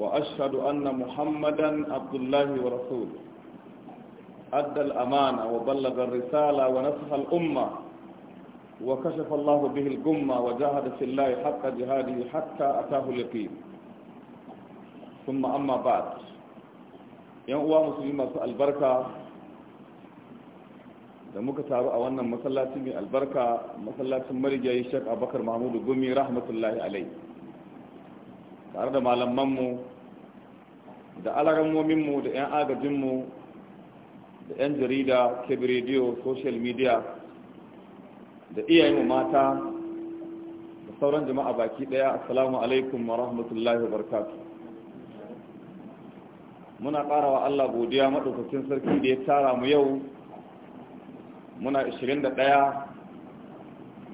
وأشهد أن محمدا عبد الله ورسوله أدى الأمانة وبلغ الرسالة ونصح الأمة وكشف الله به الجمة وجاهد في الله حق جهاده حتى أتاه اليقين ثم أما بعد ينقوى مسلمة البركة da muka taru a wannan masallaci mai albarka masallacin marigayi shek abakar mahmudu gumi rahmatullahi alai tare da malamanmu da alarammominmu da 'yan agajinmu da 'yan jarida kebe rediyo social media da iyayenmu mata da sauran jama'a baki daya assalamu alaikum wa rahmatullahi wa muna karawa Allah godiya maɗaukacin sarki da ya tara mu yau muna 21 ga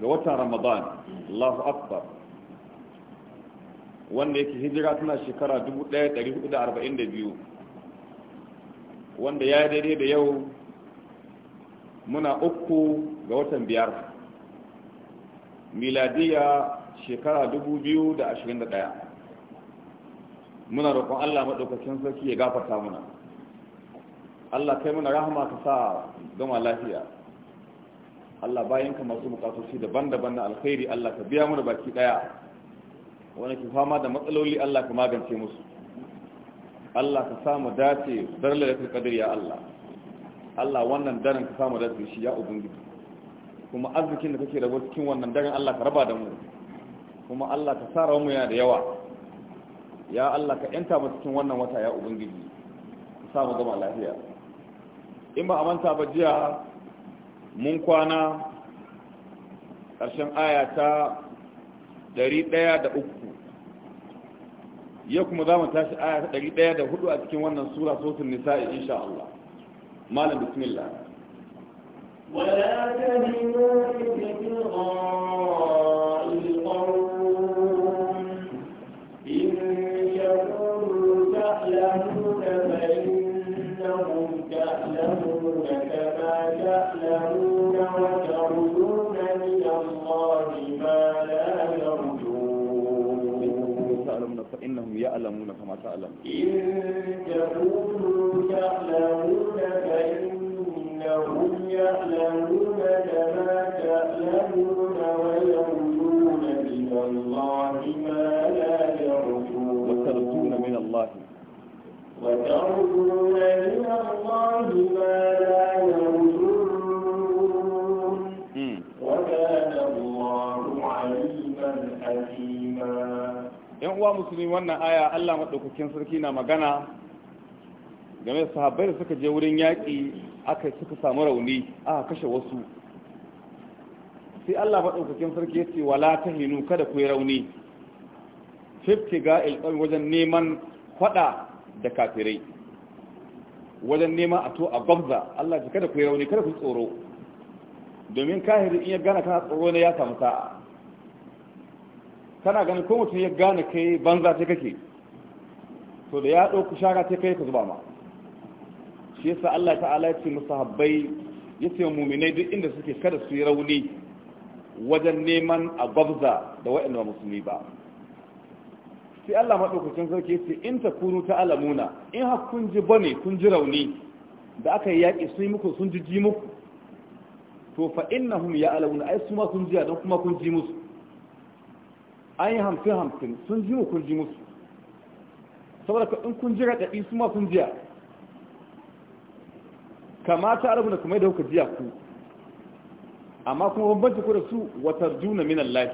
watan ramadan Allahu akbar wanda yake hijira tana shekara 1442 wanda ya daidai da yau muna uku ga watan biyar miladiya shekara 2021 muna roƙon allah maɗaukacin sarki ya gafata muna allah kai muna rahama ka sa gama lafiya allah bayanka masu bukatoci daban-daban na alkhairi allah ka biya muna baki ɗaya Wani ke fama da matsaloli Allah ka magance musu Allah ka samu dace darla da kadir ya Allah Allah wannan daren ka samu dace shi ya ubangiji kuma arzikin da kake rabo cikin wannan daren Allah ka raba da mu kuma Allah ka sa mu yana da yawa ya Allah ka yanta mu cikin wannan wata ya ubangiji ka samu gama lafiya in ba a manta ba jiya mun kwana ƙarshen aya ta uku. ya kuma za mu tashi aya ta 104 a cikin wannan sura sotun nisa'i insha Allah malam bismillah wala تهنوا في تعلم إن تعلمون فإنهم يعلمون كما تعلمون ويرجون من الله ما لا يرجون وترجون من الله musulmi wannan aya Allah maɗaukakin sarki na magana game da sahabbai da suka je wurin yaƙi aka suka samu rauni aka kashe wasu sai Allah maɗaukakin sarki ya ce wala ta hinu kada ku yi rauni fifti ga ilƙar wajen neman faɗa da kafirai wajen neman a to a gwamza Allah ce kada ku yi rauni kada ku tsoro domin kahiri in ya gana kana tsoro ne ya samu sa'a kana ganin ko mutum ya gane kai banza ta kake to da ya ɗauki shara ta kai ka zuba ma shi yasa Allah ta'ala ya ce musahabbai ya ce muminai duk inda suke kada su yi rauni wajen neman a da waɗanda musulmi ba sai Allah maɗaukacin sarki ya ce in ta kunu ta alamuna in har kun ji bane kun ji rauni da aka yi yaƙi sun yi muku sun ji ji muku to fa innahum ya alamuna ai su ma sun ji don kuma kun ji musu an yi hamsin hamsin sun ji mu kun ji musu saboda in kun ji raɗaɗi su ma sun jiya kamata arabu da kuma da kuka jiya ku amma kuma bambanci ku da su watar juna min Allah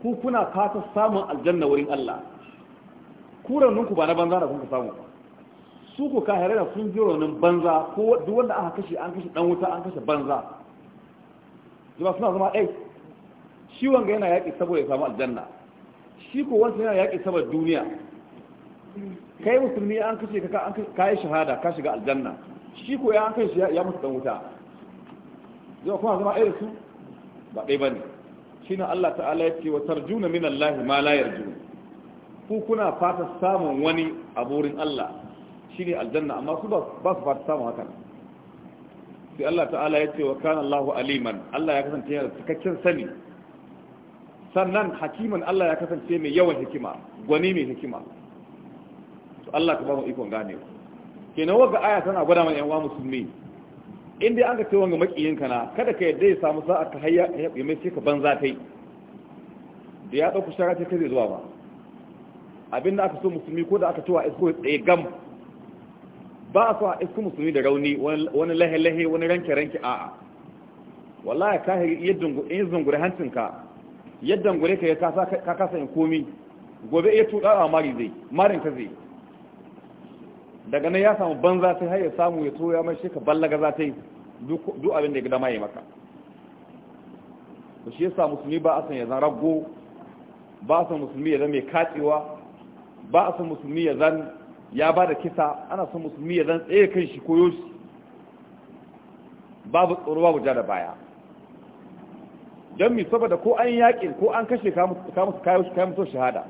ku kuna fata samun aljanna wurin Allah ku ku ba na banza da kuka samu su ku kahare da sun ji raunin banza ko duk wanda aka kashe an kashe dan wuta an kashe banza zuwa suna zama ɗai shi wanga yana yaƙi saboda ya samu aljanna shi ko wancan yana yaƙi saboda duniya kai musulmi an kace ka ka yi shahada ka shiga aljanna shi ko ya an kai shi ya mutu dan wuta yau kuma zama irin su ba dai bane shine Allah ta'ala ya ce wa tarjuna min Allah ma la yarjun ku kuna fata samun wani a burin Allah shine aljanna amma su ba su fata samun haka sai Allah ta'ala ya ce wa kana Allahu aliman Allah ya kasance yana cikakken sani sannan hakiman Allah ya kasance mai yawan hikima gwani mai hikima to Allah ka ba mu ikon gane kenan wanga aya tana gwada mana yan musulmi in dai an ka ce wanga makiyinka na kada ka yadda ya samu sa'a ka hayya ya mai ce ka banza yi. da ya dauku shara ce ka zai zuwa ba abinda aka so musulmi ko da aka cewa isko tsaye gam ba a so a isko musulmi da rauni wani lahe lahe wani ranke ranke a'a wallahi ka yadda in zungure hancinka yadda gure ka ya ka kasa yin komi gobe iya tuɗa a mari zai marin ka zai daga nan ya samu banza sai har ya samu ya toya mai shi ka ballaga za ta yi duk abin da ya gida maye maka shi yasa musulmi ba a san ya zan rago ba a san musulmi ya zan mai katsewa ba a san musulmi ya zan ya ba da kisa ana san musulmi ya zan tsaye kan shi koyo shi babu tsoro babu ja da baya don mi saboda ko an yaƙi ko an kashe ka su kayan musu shahada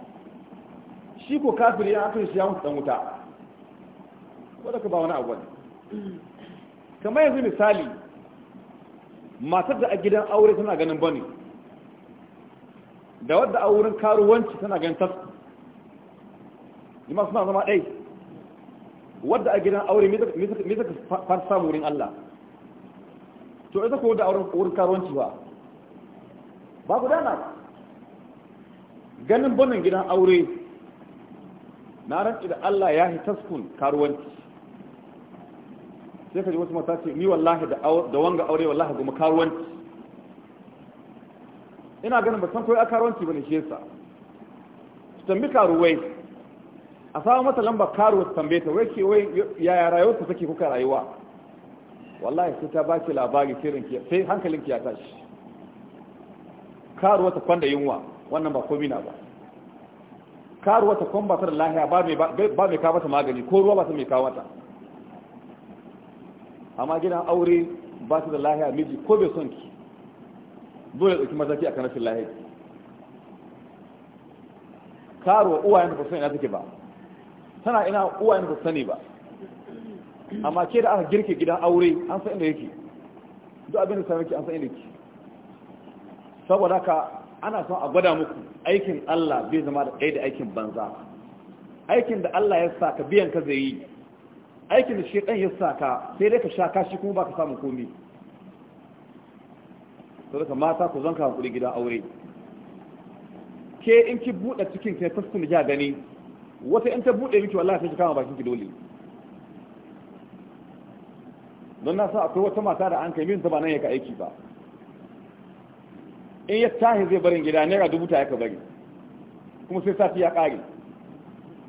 shi ko kafiri ya aka shi ya musu dan wuta wadda ka ba wani abu kamar yanzu misali matar da a gidan aure tana ganin bane da wadda a wurin karuwanci tana ganin yi masu suna zama ɗai wadda a gidan aure me zaka fara samu wurin Allah to ita ko da wurin karuwanci ba ba gudana ba ganin bonin gidan aure na rantsi da Allah ya yi taskun karuwanci sai ka ji wasu mata ce ni wallahi da wanga aure wallahi goma karuwanci ina ganin ba san koyi a karuwanci ba ne shi yasa su tambi karuwai a samu mata lamba karuwa su tambaye ta wai ke wai yaya ta take kuka rayuwa wallahi sai ta baki labari sai hankalinki ya tashi karuwa ta kwanda yunwa wannan ba komi na ba karuwa ta kwan ba da lahiya ba mai kawo ta magani ko ruwa ba su mai kawo ta amma gidan aure ba su da lahiya miji ko bai son ki dole ya ɗauki mataki a kanashin lahiya karuwa uwa ta fasani na take ba tana ina uwa ta fasani ba amma ke da aka girke gidan aure an san inda yake duk abin da sami ki an san inda yake saboda ka ana son a gwada muku aikin Allah bai zama da ɗaya da aikin banza aikin da Allah ya saka biyan ka zai yi aikin da ɗan ya saka, sai dai ka sha kashi kuma baka samu komi to daga mata ku zanka hankuri gida aure ke in ki buɗe cikin ki fuskun da gani wata in ta buɗe miki wallahi sai ki kama bakin ki dole don na sa akwai wata mata da an kai min ta ba nan ya ka aiki ba in ya tahi zai barin gida naira dubu ta yaka bari kuma sai sati ya kare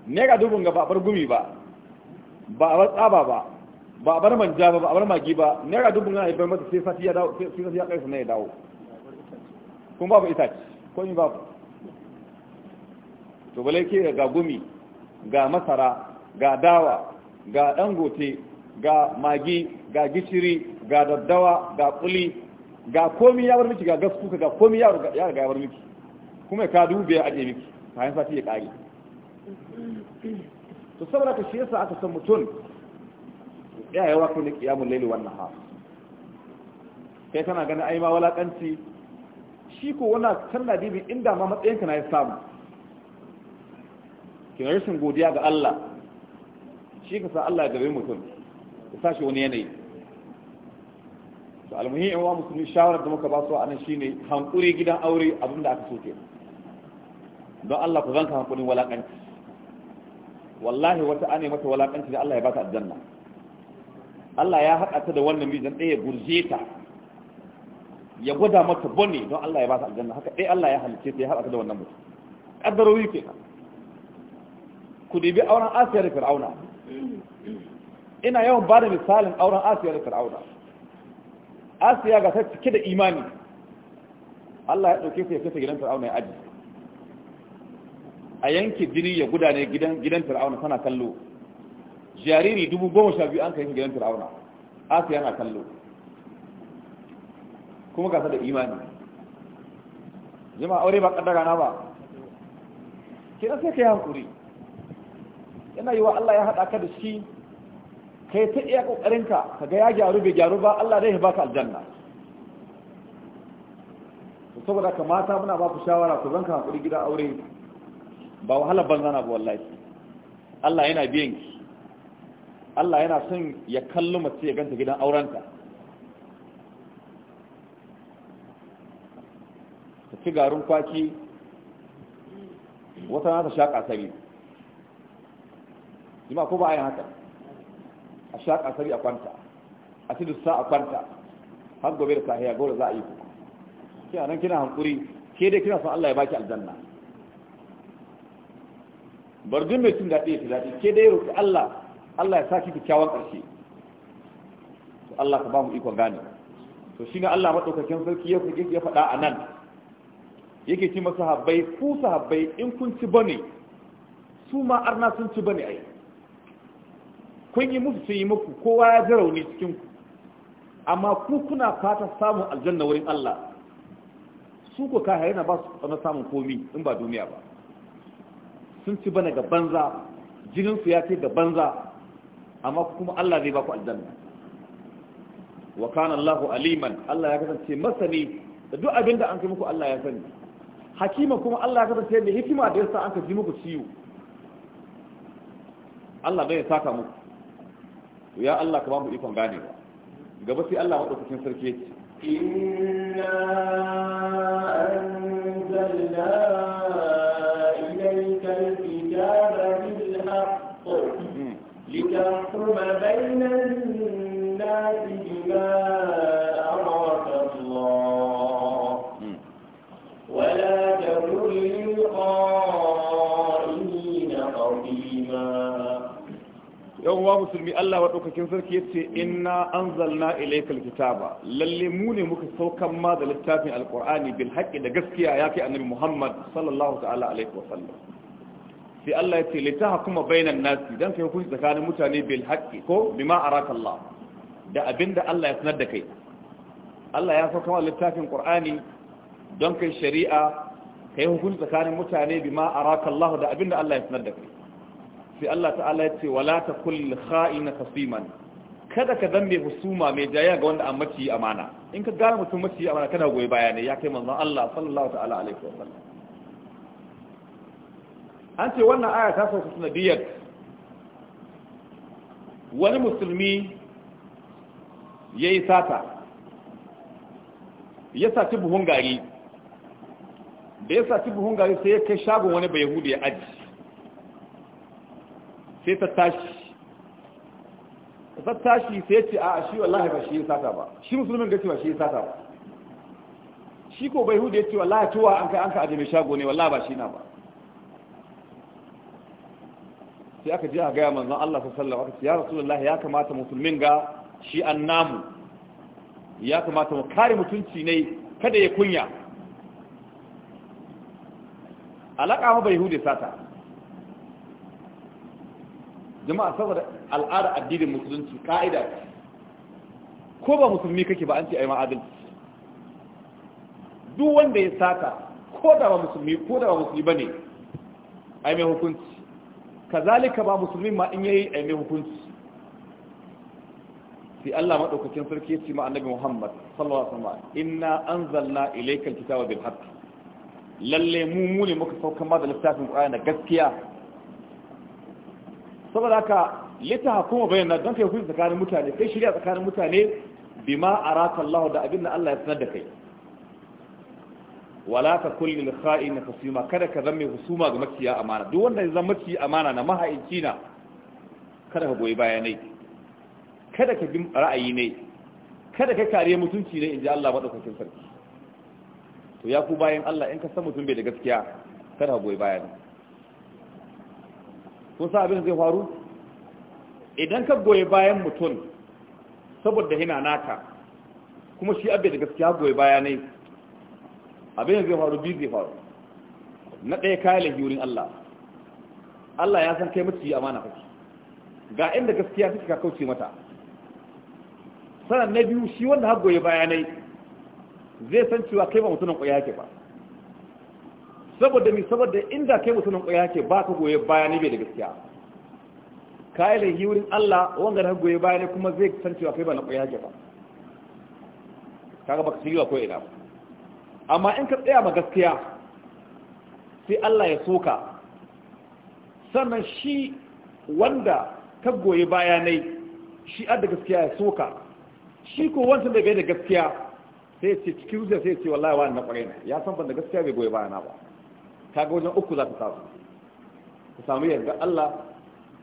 naira dubun ga babar gumi ba ba a bar tsaba ba ba a bar manja ba ba a bar magi ba naira dubun na bar mata sai sati ya dawo sai sati ya kare na ya dawo kuma babu itace ko in babu to balai ke ga gumi ga masara ga dawa ga dangote ga magi ga gishiri ga daddawa ga kuli ga komi ya bar miki ga gaskuka ga komi ya riga ya bar miki kuma ka dube ya aje miki bayan sati ya kare to saboda ka shi yasa aka san mutum ya yi wa ne kiyamu laili wannan ha kai kana ganin ai ma walakanci shi ko wannan sanna dibi inda ma matsayinka na ya samu kina rashin godiya ga Allah shi ka sa Allah ya gabe mutum ya sa shi wani yanayi to almuhi in wa musulmi shawarar da muka ba su anan shine hankuri gidan aure abinda aka so ke don Allah ku zanka hankulin walakanci wallahi wata ane mata walakanci da Allah ya ta aljanna Allah ya haɗa ta da wannan mijin ɗaya gurje ta ya gwada mata bane don Allah ya ta aljanna haka ɗaya Allah ya halice ta ya haɗa ta da wannan mutum ƙaddarori ke ku dibi auren asiyar fir'auna ina yawan ba da misalin auren asiyar fir'auna asiya ga ta cike da imani Allah ya ɗauke sai sai gidan fir'auna ya aji a yanke jini ya gudane gidan fir'auna tana kallo jariri dubu goma sha biyu an ka gidan fir'auna asiya na kallo kuma gasa da imani jama'a aure ba kaddara na ba kina sai ka yi hankuri yana yi wa Allah ya haɗa ka da shi kai ta iya kokarinka ga ya gyaru bai gyaru ba Allah zai baka aljanna to saboda ka mata muna ba ku shawara ku zanka hakuri gida aure ba wahala banza na ba wallahi Allah yana biyan ki Allah yana son ya kallo mace ya ganta gidan aurenta ta ci garin kwaki wata na ta shaƙa sari jima ko ba a yin haka a sha kasari a kwanta a ci dusa a kwanta har gobe da sahiya gobe za a yi kuka kina nan kina hankuri ke dai kina son Allah ya baki aljanna barjin mai cin da ya ta daɗi ke dai roƙi Allah Allah ya sa ki kyakkyawan ƙarshe to Allah ka ba mu ikon gane to shi ne Allah maɗaukakin sarki ya faɗi ya faɗa a nan yake ci masa habbai ku sahabbai in kun ci bane su ma arna sun ci bane a kun yi musu sun yi muku kowa ya ji rauni cikin ku amma ku kuna fata samun aljanna wurin Allah su ko ka yana ba su tsana samun komi in ba duniya ba sun ci bana ga banza jinin su ya ce da banza amma kuma Allah zai ba ku aljanna wa kana Allahu aliman Allah ya kasance masani da duk abinda an kai muku Allah ya sani hakima kuma Allah ya kasance mai hikima da yasa an ka ji muku ciwo Allah bai saka muku to ya Allah ka ba mu ikon gane ba gaba sai Allah madaukakin sarki yake inna anzalna musulmi Allah wa ɗaukakin sarki ya ce inna an zalna ilaikal kitaba lalle mu ne muka saukan ma da littafin alƙur'ani bil haƙƙi da gaskiya ya kai annabi muhammad sallallahu ta'ala alaihi wa sallam sai Allah ya ce litaha kuma bainan nasi dan kai hukunci tsakanin mutane bil haƙƙi ko bima araka Allah da abinda Allah ya sanar da kai Allah ya sauka ma littafin ƙur'ani don kai shari'a kai hukunci tsakanin mutane bima araka Allah da abinda Allah ya sanar da kai sai Allah ta'ala ya ce wala ta kulli kha'ina khasiman kada ka zan husuma mai jayya ga wanda an yi amana in ka gane mutum yi amana kana goyi baya ne ya kai manzon Allah sallallahu ta'ala alaihi wa sallam an ce wannan aya ta sauka sanadiyar wani musulmi yayi sata ya saci buhun gari da ya saci buhun gari sai ya kai shagon wani bai hudu ya aji sai ta tashi ta tashi sai ce a shi wallahi ba shi ya sata ba shi musulmin gaci ba shi ya sata ba shi ko bai hudu ya ce wallahi tuwa an ka an ka ajiye mai shago ne wallahi ba shi na ba sai aka ji a gaya manzon Allah sallallahu alaihi wasallam ya rasulullahi ya kamata musulmin ga shi an namu ya kamata mu kare mutunci ne kada ya kunya alaka ma bai hudu sata jama'a saboda al'ada addinin musulunci ka'ida ko ba musulmi kake ba an ce ai ma'adalci duk wanda ya sata ko da ba musulmi ko da ba musulmi bane ai mai hukunci kazalika ba musulmi ma in yayi ai mai hukunci sai Allah madaukakin sarki ya ce ma annabi Muhammad sallallahu alaihi wasallam inna anzalna ilaykal kitaba bil haqq lalle mu mu ne muka sauka ma da littafin ƙwaya na gaskiya saboda haka litaha kuma bayyana don kai hukunci tsakanin mutane kai shirya tsakanin mutane bima araka Allah da abin da Allah ya sanar da kai wala ta kulli lil kha'in khasima kada ka zama husuma ga makiya amana duk wanda ya zama makiya amana na mahaici na kada ka goyi baya ne kada ka bi ra'ayi ne kada ka kare mutunci ne inji Allah madaukakin sarki to ya ku bayan Allah in ka san mutum bai da gaskiya kada ka goyi baya ne kun sa abin zai faru idan ka goyi bayan mutum saboda hina naka kuma shi abin da gaskiya goyi baya ne abin zai faru biyu zai faru na ɗaya kayan lahiyorin Allah Allah ya san kai mace yi amana kake ga inda gaskiya suka ka kauce mata sanan na biyu shi wanda har goyi baya ne zai san cewa kai ba mutumin ƙwaya yake ba saboda mi saboda inda kai mutumin ƙwaya ke ba ka goye baya ne bai da gaskiya ka yi da wurin Allah wanga da goye baya ne kuma zai san cewa kai ba na ƙwaya ke ba kaga baka shirya ko ina amma in ka tsaya ma gaskiya sai Allah ya soka sannan shi wanda ka goye baya ne shi da gaskiya ya soka shi ko wancan da bai da gaskiya sai ce cikin zai sai ce wallahi wa na ƙwarai ne ya san ban da gaskiya bai goye baya na ba kaga wajen uku za ka samu ka samu yarda Allah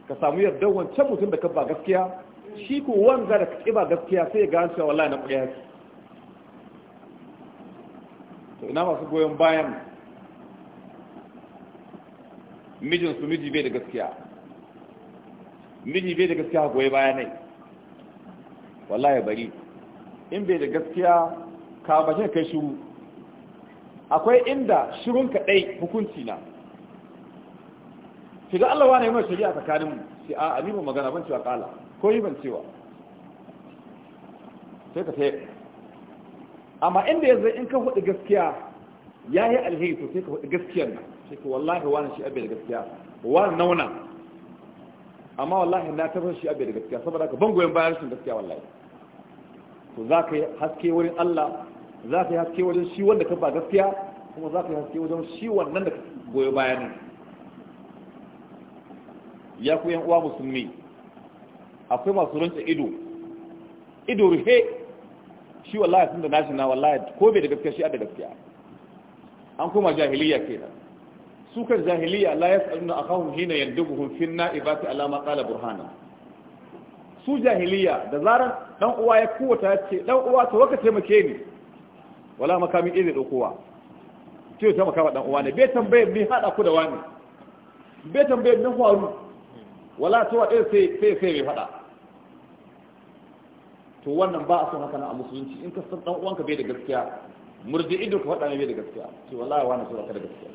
ka samu yarda wancan mutum da ka ba gaskiya shi ko wanda da ka ba gaskiya sai ya gane cewa wallahi na ƙarya yake to ina masu goyon bayan mijin su miji bai da gaskiya miji bai da gaskiya goyi baya ne wallahi bari in bai da gaskiya ka bashin kai shi akwai inda shirun kaɗai hukunci na shiga Allah wane mai shari'a tsakaninmu shi a ni ba magana ban cewa kala ko yi ban cewa sai ka sai amma inda yanzu in ka hudu gaskiya ya yi alheri sosai ka hudu gaskiyar nan shi ka wallahi wani shi abin da gaskiya wani nauna amma wallahi na tabbatar shi abin da gaskiya saboda ka bangoyin goyon bayan rashin gaskiya wallahi to za ka yi haske wurin Allah za ka yi haske wajen shi wanda ka ba gaskiya kuma za ka yi haske wajen shi wannan da ka goyo bayan ya ku yan uwa musulmi akwai masu rance ido ido rufe shi wallahi sun da nashi na wallahi ko bai da gaskiya shi da gaskiya an koma jahiliya kenan su kan jahiliya la na akawun hina buhun fin na'ibati alama kala burhana su jahiliya da zaran dan uwa ya kowata ya ce dan uwa ta waka taimake ni wala makami iri zai ɗaukowa ce ta makama ɗan uwa ne bai tambayar ni haɗa ku da wani bai tambayar ni faru wala ta wa ɗaya sai sai mai faɗa to wannan ba a son haka na a musulunci in ka san ɗan uwanka bai da gaskiya murji ido ka faɗa ne bai da gaskiya ce wallahi wani so ka da gaskiya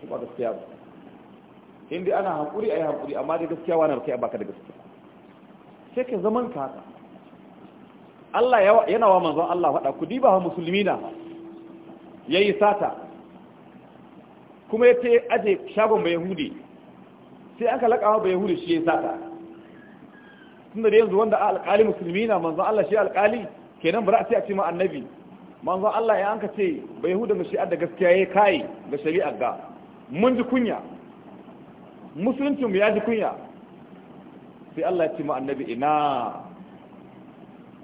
ko ba gaskiya ba in dai ana hankuri ayi hankuri amma dai gaskiya wani ba kai baka da gaskiya sai ka zaman ka haka Allah yana wa manzon Allah faɗa ku diba wa musulmi na ya yi sata kuma ya ce aje shagon bai yahudi sai aka laƙawa bai yahudi shi ya yi sata tunda da yanzu wanda alƙali musulmi na manzon Allah shi alƙali kenan bara a ce a ce ma annabi manzon Allah ya anka ce bai yahudi ga shi'ar gaskiya ya kai ga shari'ar ga mun ji kunya musulunci mu ya ji kunya sai Allah ya ce ma annabi ina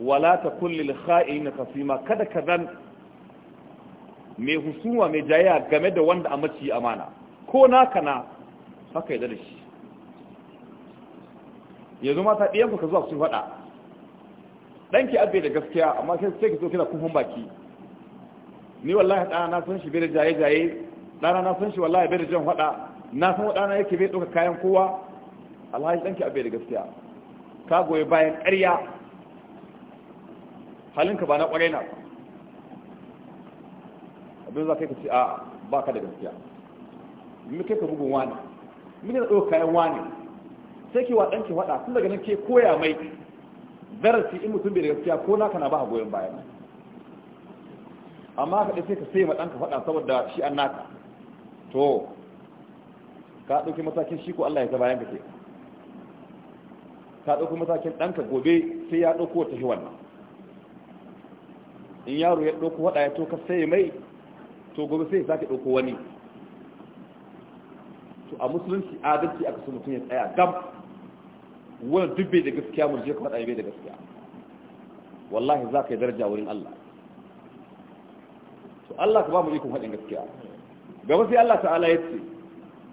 wala ta kulli kha'in khasima kada ka zan mai husuma mai jayya game da wanda a maci amana ko naka na haka yadda da shi yanzu mata ɗiyanku ka zuwa su faɗa ɗanki abbe da gaskiya amma sai sai ka zo kina kufin baki ni wallahi ɗana na san shi bai da jaye-jaye ɗana na san shi wallahi bai da jan faɗa na san ɗana yake bai ɗauka kayan kowa alhaji ɗanki abbe da gaskiya ka goyi bayan ƙarya halinka ba na kwarai na abin za ka yi ka ce a ba ka da gaskiya mu kai ka bugun wani mu kai ka ɗauka kayan wani sai ke wa ke waɗa tun daga nan ke koya mai darasi in mutum bai da gaskiya ko naka na ba a goyon bayan amma ka ɗai sai ka sai ma ka faɗa saboda shi an naka to ka ɗauki matakin shi ko Allah ya zaba yanka ke ka ɗauki matakin ɗanka gobe sai ya ɗauko ta shi wannan in yaro ya ɗauko waɗa ya toka sai mai to gobe sai ya sake ɗauko wani to a musulunci adalci aka so mutum ya tsaya gam wani duk bai da gaskiya mu je ka faɗa bai da gaskiya wallahi za ka yi daraja wurin Allah to Allah ka ba mu ikon haɗin gaskiya gaba sai Allah ta'ala ya ce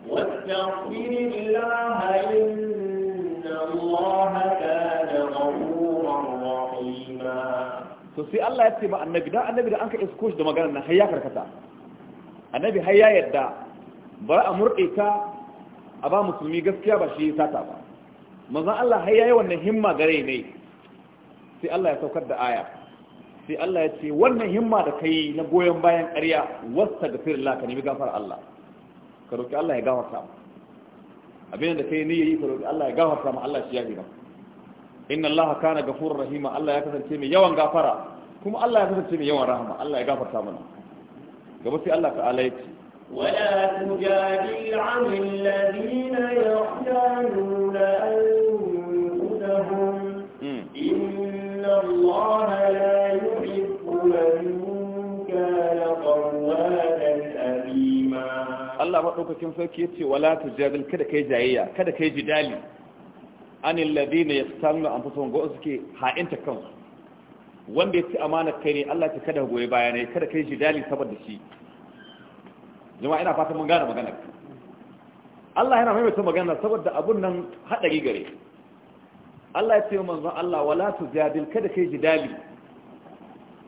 واستغفر الله إن الله كان غفورا to sai Allah ya ce ma annabi dan annabi da an ka isko da maganar nan hayya ya karkata annabi hayya yadda bar a murɗe ta a ba musulmi gaskiya ba shi ya sata ba manzon Allah hayya yayi wannan himma gare ne sai Allah ya saukar da aya sai Allah ya ce wannan himma da kai na goyon bayan ƙarya wasta da firilla ka nemi gafar Allah ka roki Allah ya gafarta mu abin da kai ne yayi ka roki Allah ya gafarta mu Allah shi ya gafarta inna allaha kana ghafurur rahima Allah ya kasance mai yawan gafara kuma Allah ya kasance mai yawan rahama Allah ya gafarta mana gaba sai Allah ta'ala ya ce ولا تجادل عن الذين يختانون أنفسهم إن الله لا يحب من كان قوالا allah الله ما أقولك كم سوى كيتي ولا تجادل كذا كي جاية ya sami yaftanuna anfusahum go suke ha'inta kansu wanda ya ci amana kai ne Allah ta kada goye baya ne kada kai dali saboda shi jama'a ina fata mun gane magana Allah yana maimaita magana saboda abun nan hadari gare Allah ya ce manzon Allah wala tujadil kada kai jidali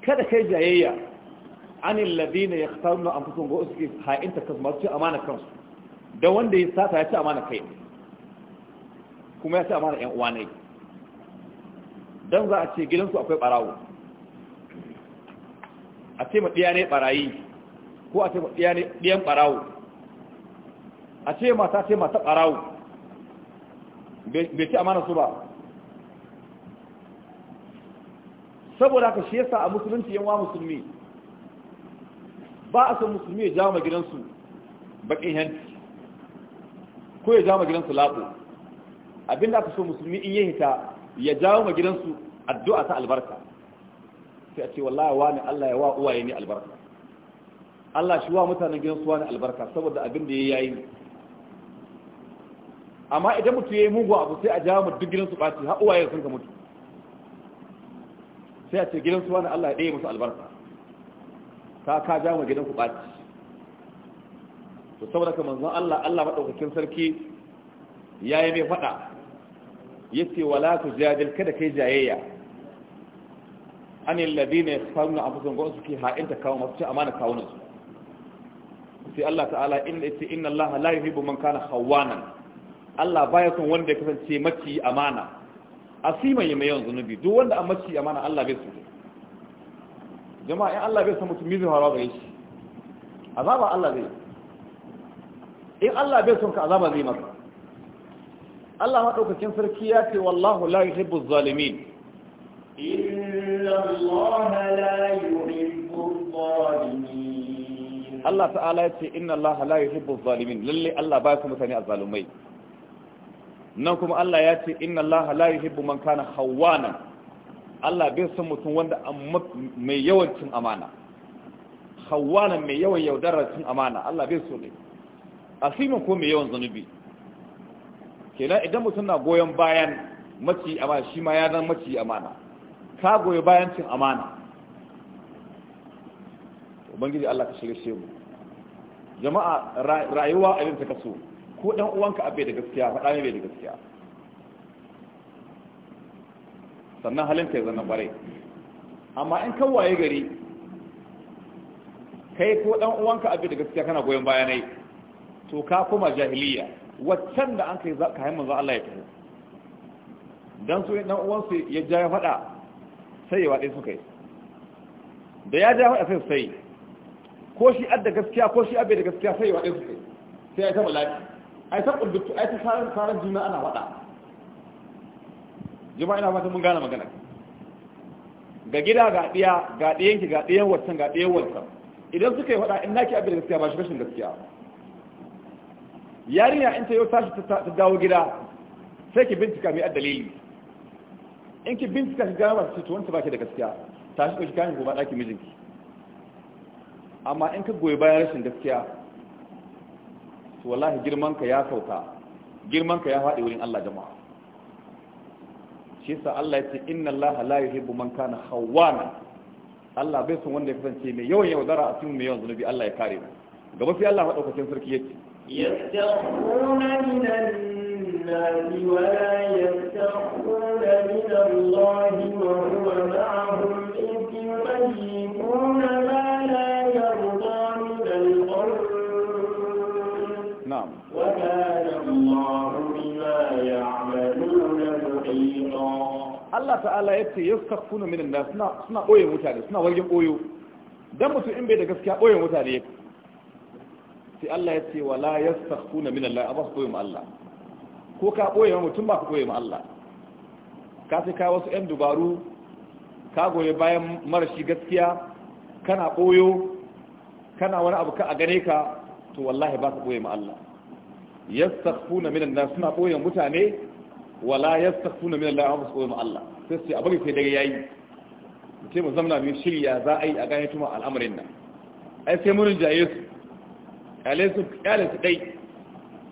kada kai jayayya anil ladina yaftanuna anfusahum go suke ha'inta kansu masu amana kansu da wanda ya sata ya ci amana kai ne kuma ya sa mara ƴan uwa yi don za a ce gidansu akwai ɓarawo, a ce ma ɗiya ne ɓarayi, ko a ce ma ɗiya ne ɗiyan ɓarawo, a ce mata ce mata ɓarawo, bai ce mana su ba saboda ka shi yasa a musulunci yan wa musulmi ba a san musulmi ya jama gidansu bakin hanci ko ya jama gidansu laƙo abinda aka so musulmi in ya hita ya jawo ma gidansu addu'a ta albarka sai a ce wallahi wa ne Allah ya wa uwaye ne albarka Allah shi wa mutanen gidansu wani albarka saboda abin da ya yayi amma idan mutu ya yi mugu abu sai a jawo ma duk gidansu ɓaci har uwaye sun ka mutu sai a ce gidansu wani Allah ya ɗaya musu albarka ta ka jawo ma gidansu ɓaci to saboda ka manzon Allah Allah maɗaukakin sarki ya yi mai faɗa yace wala tujadil kada kai jayayya anil ladina yakhawna anfusahum wa suki ha'inta kawo masu ci amana kawo nasu sai Allah ta'ala inna yace inna Allah la yuhibbu man kana khawanan Allah baya son wanda ya kasance maci amana asima yi mai yawan zunubi duk wanda an maci amana Allah bai so jama'a in Allah bai san mutum mizin harawa gare shi azaba Allah zai in Allah bai son ka azaba zai maka Allah maɗaukakin sarki ya ce wallahu la yuhibbu zalimin Allah ta'ala ya ce inna Allah la yuhibbu zalimin lalle Allah ba su mutane azzalumai nan kuma Allah ya ce inna Allah la yuhibbu man kana khawwana Allah bai son mutum wanda mai yawan cin amana khawwana mai yawan yaudarar cin amana Allah bai so ne asimin ko mai yawan zanubi kenan idan mutum na goyon bayan maci amana shi ma ya zan maci amana ka goyi bayan cin amana ubangiji Allah ka shirya shi jama'a rayuwa abin ta kaso ko dan uwanka abai da gaskiya faɗa ne bai da gaskiya sannan halin ka zanna bare amma in kan gari kai ko dan uwanka abai da gaskiya kana goyon bayanai to ka kuma jahiliya waccan da an kai za ka haimman za Allah ya tafi don su ɗan uwansu ya ja ya faɗa sai ya waɗe su kai da ya ja ya faɗa sai sai ko shi adda gaskiya ko shi abin da gaskiya sai ya waɗe su kai sai ya taɓa lafi taɓa ta a yi ta sarar sarar juna ana faɗa jima ina fata mun gane magana ga gida ga ɗiya ga ɗiyanki ga ɗiyan wancan ga ɗiyan wancan idan suka yi faɗa in naki abin da gaskiya ba shi rashin gaskiya yarinya in ta yau tashi ta dawo gida sai ki bincika mai dalili in ki bincika ki gano masu cutu wanta baki da gaskiya ta shi ɗauki kayan goma ɗaki mijinki amma in ka goyi bayan rashin gaskiya to wallahi girmanka ya sauka girmanka ya faɗi wurin Allah jama'a shi yasa Allah ya ce inna Allah la yuhibbu man kana na Allah bai son wanda ya kasance mai yawan yaudara a cikin mai yawan zunubi Allah ya kare mu gaba sai Allah madaukakin sarki yake يستخفون من الناس ولا يستخفون من الله وهو معهم إذ يبيتون ما لا يرضى من القول نعم وكان الله بما يعملون محيطا Allah ta'ala ya ce yau kakfuna minan da suna ɓoye mutane suna wajen ɓoyo don mutum in bai da gaskiya ɓoye mutane ya sai Allah ya ce wala yastakhfuna min Allah ba su koyi ma Allah ko ka koyi ma mutum ba ka koyi ma Allah ka sai ka wasu yan dubaru ka goye bayan marashi gaskiya kana koyo kana wani abu ka a gane ka to wallahi ba ka koyi ma Allah na min Allah suna koyi mutane wala yastakhfuna min Allah ba su koyi ma Allah sai sai abin sai daga yayi mutum mu zamna mu shirya za a yi a gane tuma al'amarin nan ai sai mun jaye su ƙyalai su ɗai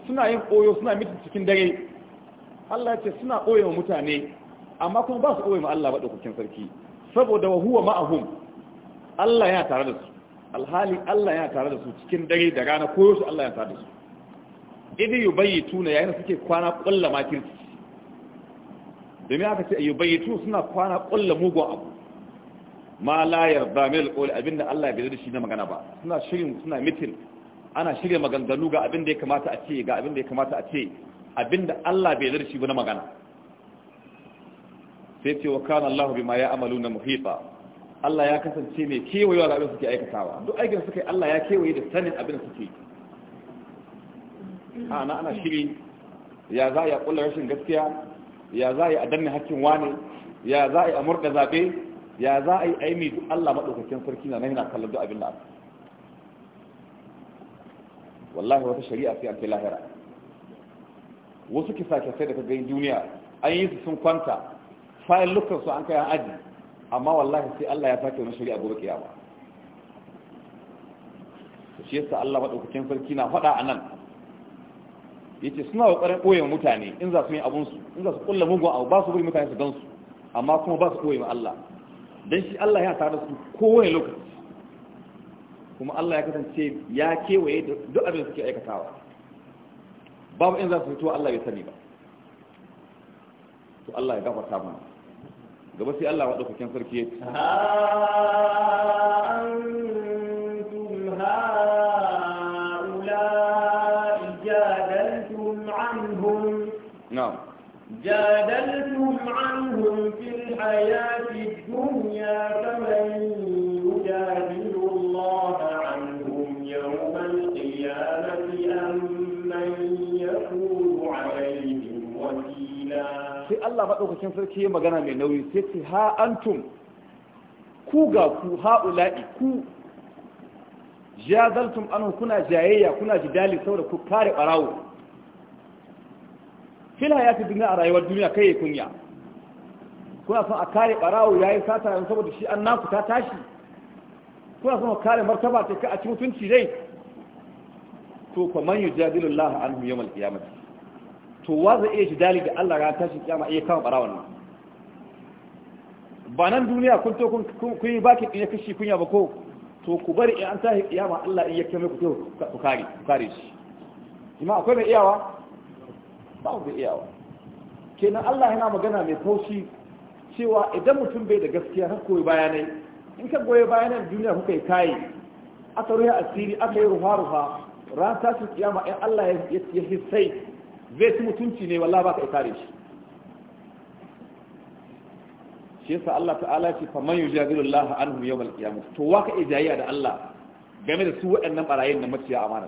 suna yin ɓoyo suna mitin cikin dare Allah ya ce suna ɓoye wa mutane amma kuma ba su ɓoye ma Allah maɗaukakin sarki saboda wa huwa ma'ahum Allah yana tare da su alhali Allah yana tare da su cikin dare da rana koyo su Allah yana tare da su idan yubayyitu ne yayin suke kwana kulla makirci domin aka ce tuna suna kwana kulla mugun abu ma la yarda min alqawl abinda Allah bai da shi na magana ba suna shirin suna mitin ana shirya maganganu ga abin da ya kamata a ce ga abin da ya kamata a ce abin da Allah bai zarci ba na magana sai ce wa kana Allah bima na muhita Allah ya kasance mai kewayewa ga abin suke aikatawa duk aikin suke Allah ya kewaye da sanin abin suke ana ana shiri ya za ya kula rashin gaskiya ya za ya danne hakkin wani ya za a murda zabe ya za a yi aimi duk Allah madaukakin sarki na nan yana kallon duk abin da aka wallahi wata shari'a sai an kai lahira wasu kisa kisa da ka gani duniya an yi su sun kwanta fayil lukansu su an kai an aji amma wallahi sai Allah ya sake wani shari'a gobe kiyama to shi yasa Allah madaukakin sarki na faɗa a nan yace suna kokarin koye mutane in za su yi abun su in za su kulla mugun abu ba su bari mutane su gan su amma kuma ba su koye ma Allah don shi Allah ya tare su kowane lokaci kuma Allah ya kasance ya kewaye duk abin suke aikatawa babu in za su fito Allah ya sani ba to Allah ya gafarta mana gaba sai Allah madaukakin sarki ya ce antum haula jadantum anhum na'am جادلتم عنهم في الحياة الدنيا فمن Allah maɗaukakin sarki ya magana mai nauyi sai ce ha antum ku ga ku ha'ula'i ku jazaltum anhu kuna jayayya kuna jidali saboda ku kare barawo fil hayati dunya a rayuwar duniya kai kunya kuna son a kare barawo yayi sata yanzu saboda shi an naku ta tashi kuna son a kare martaba ta ka a ci mutunci dai to fa man yujadilu Allah anhu yawmal qiyamah to wa zai iya dalil da Allah ran tashi kiyama iya kama bara wannan ba nan duniya kun to kun yi baki ɗin ya kashi kunya ba ko to ku bari in an tashi kiyama Allah in ya kame ku to ku kare ku kare shi kuma akwai mai iyawa ba mai iyawa kenan Allah yana magana mai kaushi cewa idan mutum bai da gaskiya har koyi bayanai in ka goye bayanan duniya kuka yi kayi aka rufe asiri aka yi rufa rufa ran tashi kiyama in Allah ya sai. zai ci mutunci ne wallah ba ka kare shi shi yasa Allah ta'ala ce fa man yujadilu Allah anhum yawm al-qiyamah to wa ka ijayya da Allah game da su waɗannan barayin da mutiya amana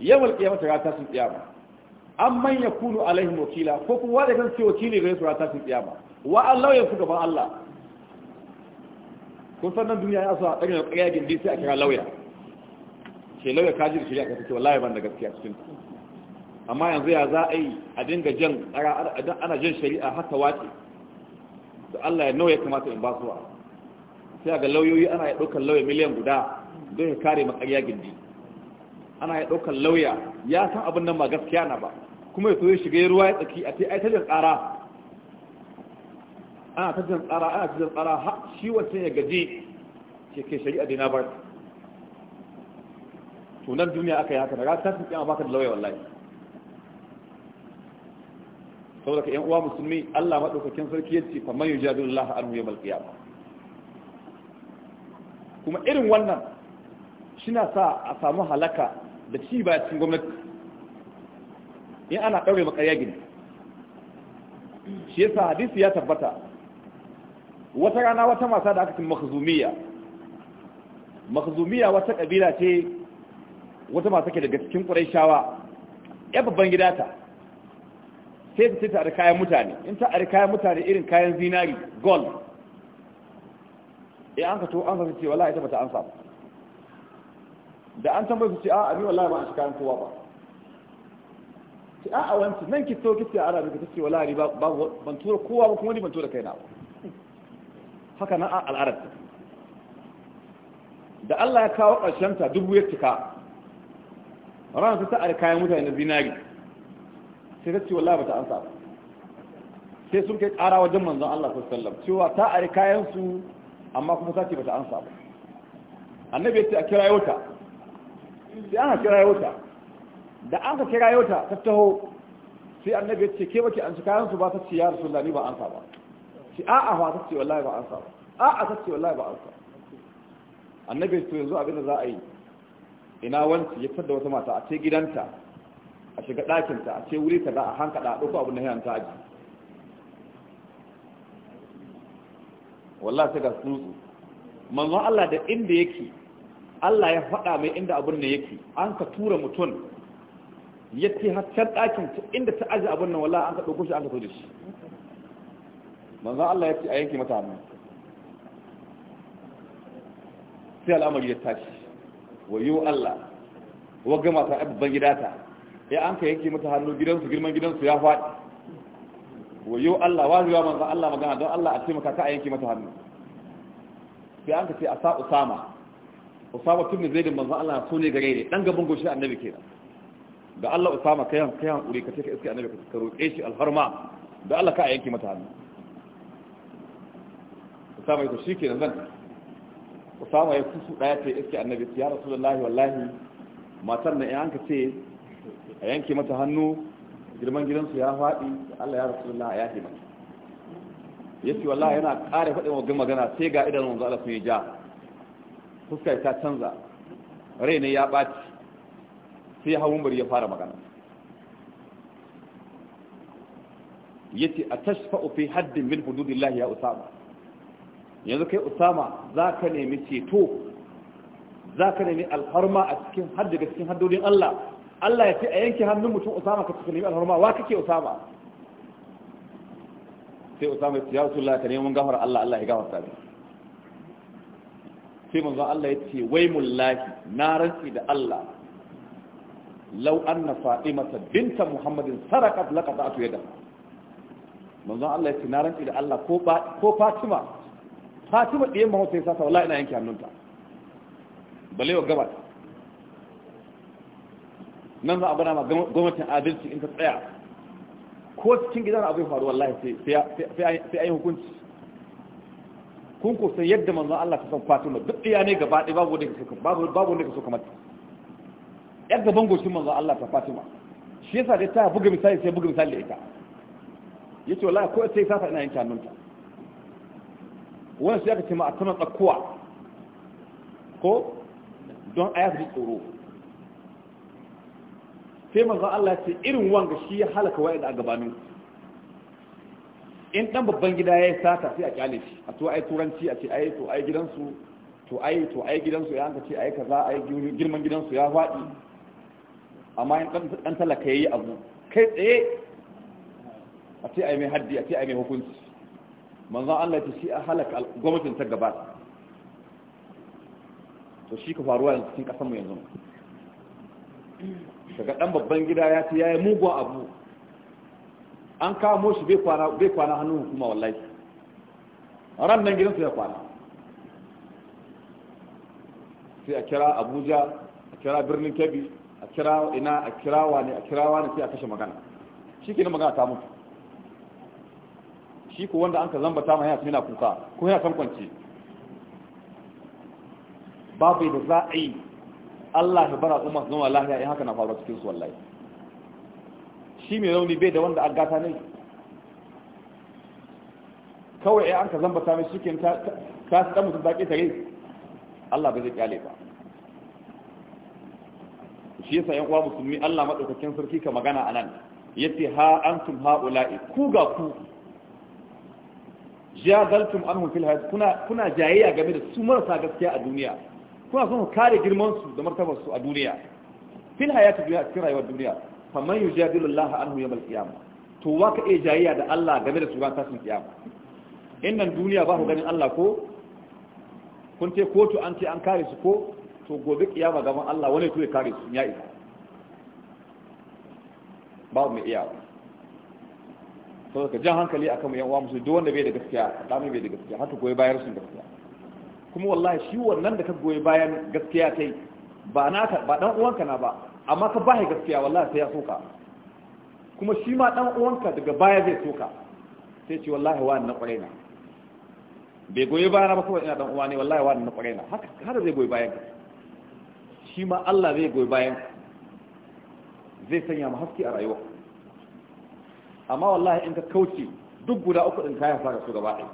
yawm al-qiyamah ta ta sun tsiyama an man yakunu alaihim wakila ko kuma da kan cewa kine gare su ta sun tsiyama wa Allah ya fuka ban Allah kun san nan duniya ya so a tsare ƙarya gindi sai a kira lauya ke lauya kaji da ka ce wallahi ban da gaskiya cikin amma yanzu ya za a yi a dinga jan ana jan shari'a haka wace da Allah ya nawa ya kamata in ba wa sai ga lauyoyi ana ya ɗaukar lauya miliyan guda don ya kare makarya gindi ana ya ɗaukar lauya ya san abin nan ba gaskiya na ba kuma ya so ya shiga ruwa ya tsaki a ta ai ta jan tsara ana ta jan tsara ana ta jan tsara shi wancan ya gaji ke ke shari'a dina ba bar tunan duniya aka yi haka da ra ta fi baka da lauya wallahi saboda ka yan uwa musulmi Allah madaukakin sarki yace fa man yujadilu Allah anhu yawmal qiyamah kuma irin wannan shina sa a samu halaka da ci ba cikin gwamnati in ana daure makarya gini shi yasa hadisi ya tabbata wata rana wata mata da aka cin makhzumiya makhzumiya wata kabila ce wata mata ke daga cikin shawa. ya babban gidata sai ta ce ta kayan mutane in ta kayan mutane irin kayan zinari gold eh an ka to an ka ce wallahi ita bata ansa da an tambaye su ce a abin wallahi ba a shi kayan kowa ba ce a a wancan nan ki to ki ce arabi ka ce wallahi ba ban tura kowa ba kuma ni ban tura kaina ba haka nan al'adar ta da Allah ya kawo karshen ta dubu ya cika ranar ta ta'ar kayan mutane na zinari sai ta ce wallahi bata ansa ba sai sun kai kara wajen manzon Allah sallallahu alaihi wasallam cewa ta are kayan su amma kuma ta ce bata ansa ba annabi ya ce a kira yauta sai ana kira yauta da an ka yauta ta ta taho sai annabi ya ce ke baki an ci kayan su ba ta ce ya rasulullahi ba ansa ba ce a'a ba ta ce wallahi ba ansa ba a'a ta ce wallahi ba ansa annabi ce yanzu abin da za a yi ina wanci ya tada wata mata a ce gidanta a shiga ɗakinta a ce wuri ta da a hankada a ɗauko abin da ta aji wallah sai ga tsutsu manzon Allah da inda yake Allah ya faɗa mai inda abin da yake an ka tura mutum ya ce haccar ɗakin inda ta aji abin nan wallah an ka ɗauko shi an ka tuje shi manzon Allah ya ce a yanke mata hannu sai al'amari ya tashi wa Allah wa gama ta abban gidata ya an ka yake mata hannu gidansu girman gidansu ya faɗi wayo Allah wajiba manzon Allah magana don Allah a taimaka ka a yanke mata hannu sai an ka ce a sa Usama Usama tun zai da manzon Allah so ne gare ne dan gaban goshi annabi kenan da Allah Usama kai kai hankuri ka ce ka iske annabi ka roƙe shi alharma da Allah ka a yanke mata hannu Usama ya to shikenan zan Usama ya kusu daya ce iske annabi ya Rasulullahi wallahi matar na ya an ka ce a yanke mata hannu girman gidansu ya faɗi Allah ya Allah ya ce yake yace wallahi yana ƙara faɗin wajen magana sai ga idan wanzu Allah sun yi ja fuska ta canza rai ne ya ɓaci sai hawan bari ya fara magana yace a tashfa'u fi haddin min hududillahi ya usama yanzu kai usama za ka nemi ceto za ka nemi alfarma a cikin haddaga cikin haddodin Allah Allah ya ce a yanke hannun mutum Usama ka tafi nemi alhurma wa kake Usama sai Usama ya ce ya ka neman gafara Allah Allah ya gafarta ni sai manzo Allah ya ce wai mullahi na rantsi da Allah law anna fatimata binta muhammadin sarakat laqata'tu yadaha manzo Allah ya ce na rantsi da Allah ko ko Fatima Fatima diyan mahauta sai sata wallahi ina yanke hannunta balewa gabata nan za a bana ma gwamnatin adalci in ta tsaya ko cikin gida na abin faru wallahi sai a yi hukunci kun ko sai yadda manzan Allah ta san Fatima duk iya ne gaba ɗaya babu wanda ka so babu babu wanda ka so kamar yar gaban goshin manzon Allah ta Fatima shi yasa dai ta buga misali sai buga misali da ita yace wallahi ko sai sasa ina yin tanunta wannan sai aka ce ma a tana ko don ayat bi tsoro sai manzon Allah ce irin wanga shi ya halaka wa'anda a gabanin in dan babban gida ya yi sata sai a kyale shi a to ai turanci a ce ai to ai gidansu to ai to ai gidansu ya hanka ce ai kaza ai girman gidansu ya faɗi amma in dan dan talaka yayi abu kai tsaye a ce ai mai haddi a ce ai mai hukunci manzon Allah ce shi a halaka gwamnatin ta gaba to shi ka faruwa yanzu cikin kasan mu yanzu daga ɗan babban gida ya ce ya yi abu an kamo shi bai kwana hannun hukuma wallahi ran nan gidansu ya kwana sai a kira abuja a kira birnin kebbi a kira ina a kirawa ne a kirawa ne sai a kashe magana shi ke magana ta mutu shi ko wanda an ka zambata ma yana tuna kuka ko yana tankwanci babu da za a yi Allah ya bara umma zama lafiya in haka na faruwa cikin su wallahi shi mai rauni bai da wanda an gata ne kawai ai an ka zambata mai shikin ta ta ta mutum ta ke tare Allah bai zai kyale ba shi yasa yan uwa musulmi Allah madaukakin sarki ka magana anan yace ha antum haula'i ku ga ku jadaltum anhum fil hayat kuna kuna jayayya game da su marasa gaskiya a duniya suna son kare girmansu da martabarsu a duniya fil hayati duniya a cikin rayuwar duniya faman yujadilu Allah anhu al qiyamah to wa ka iya jayayya da Allah game da shugaban tashin kiyama innan duniya ba ku ganin Allah ko kun ce kotu an ce an kare su ko to gobe kiyama gaban Allah wani to ya kare su ya isa ba mu iya to ka jan hankali akan mu yan uwa musu duk wanda bai da gaskiya da mai bai da gaskiya haka koyi bayar sun gaskiya kuma wallahi shi wannan da ka goyi bayan gaskiya tai ba naka ba dan uwanka na ba amma ka bahe gaskiya wallahi sai ya soka kuma shi ma dan uwanka daga baya zai soka sai ce wallahi wani na kware na bai goyi bayan ba kuma ina dan uwa ne wallahi wani na kware na haka har zai goyi bayan shi ma Allah zai goyi bayan zai sanya mu haske a rayuwa amma wallahi in ka kauce duk guda uku din kaya fara su gaba ɗaya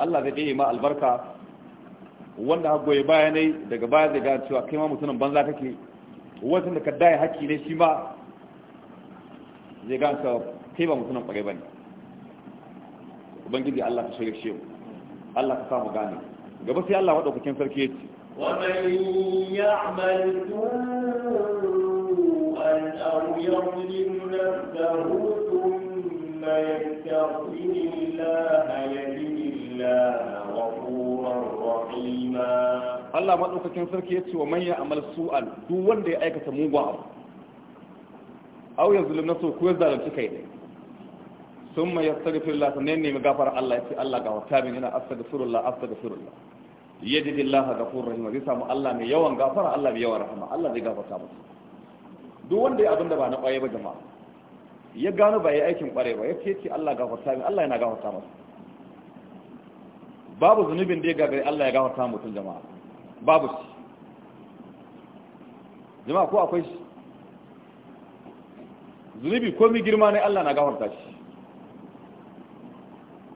Allah zai ɗaya ma albarka wanda ha goyi ne daga baya zai gane cewa kai ma mutumin banza kake wajen da ka daya haƙƙi ne shi ma zai gane cewa kai ba mutumin ƙwarai ba ne ubangiji Allah ka shirya shehu Allah ka samu gane gaba sai Allah maɗaukakin sarki ya ce ومن يعمل سوءا أو يظلم نفسه ثم يستغفر الله Allah maɗaukakin sarki ya ce wa manya amal su'al duk wanda ya aikata mugun abu au ya zulum nasu ko ya zalunci kai ne sun mai ya sarrafin Allah ne nemi gafara Allah ya ce Allah ga wata min yana astagfirullah astagfirullah yajid Allah ghafur rahim zai samu Allah mai yawan gafara Allah mai yawan rahama Allah zai gafarta musu duk wanda ya abinda ba na kwaye ba jama'a ya gano ba ya aikin kware ba ya ce ce Allah gafarta min Allah yana gafarta masa babu zunubin da ya gagari Allah ya gafarta mutum jama'a babu shi jama'a ko akwai shi zunubi komi girma ne Allah na gafarta shi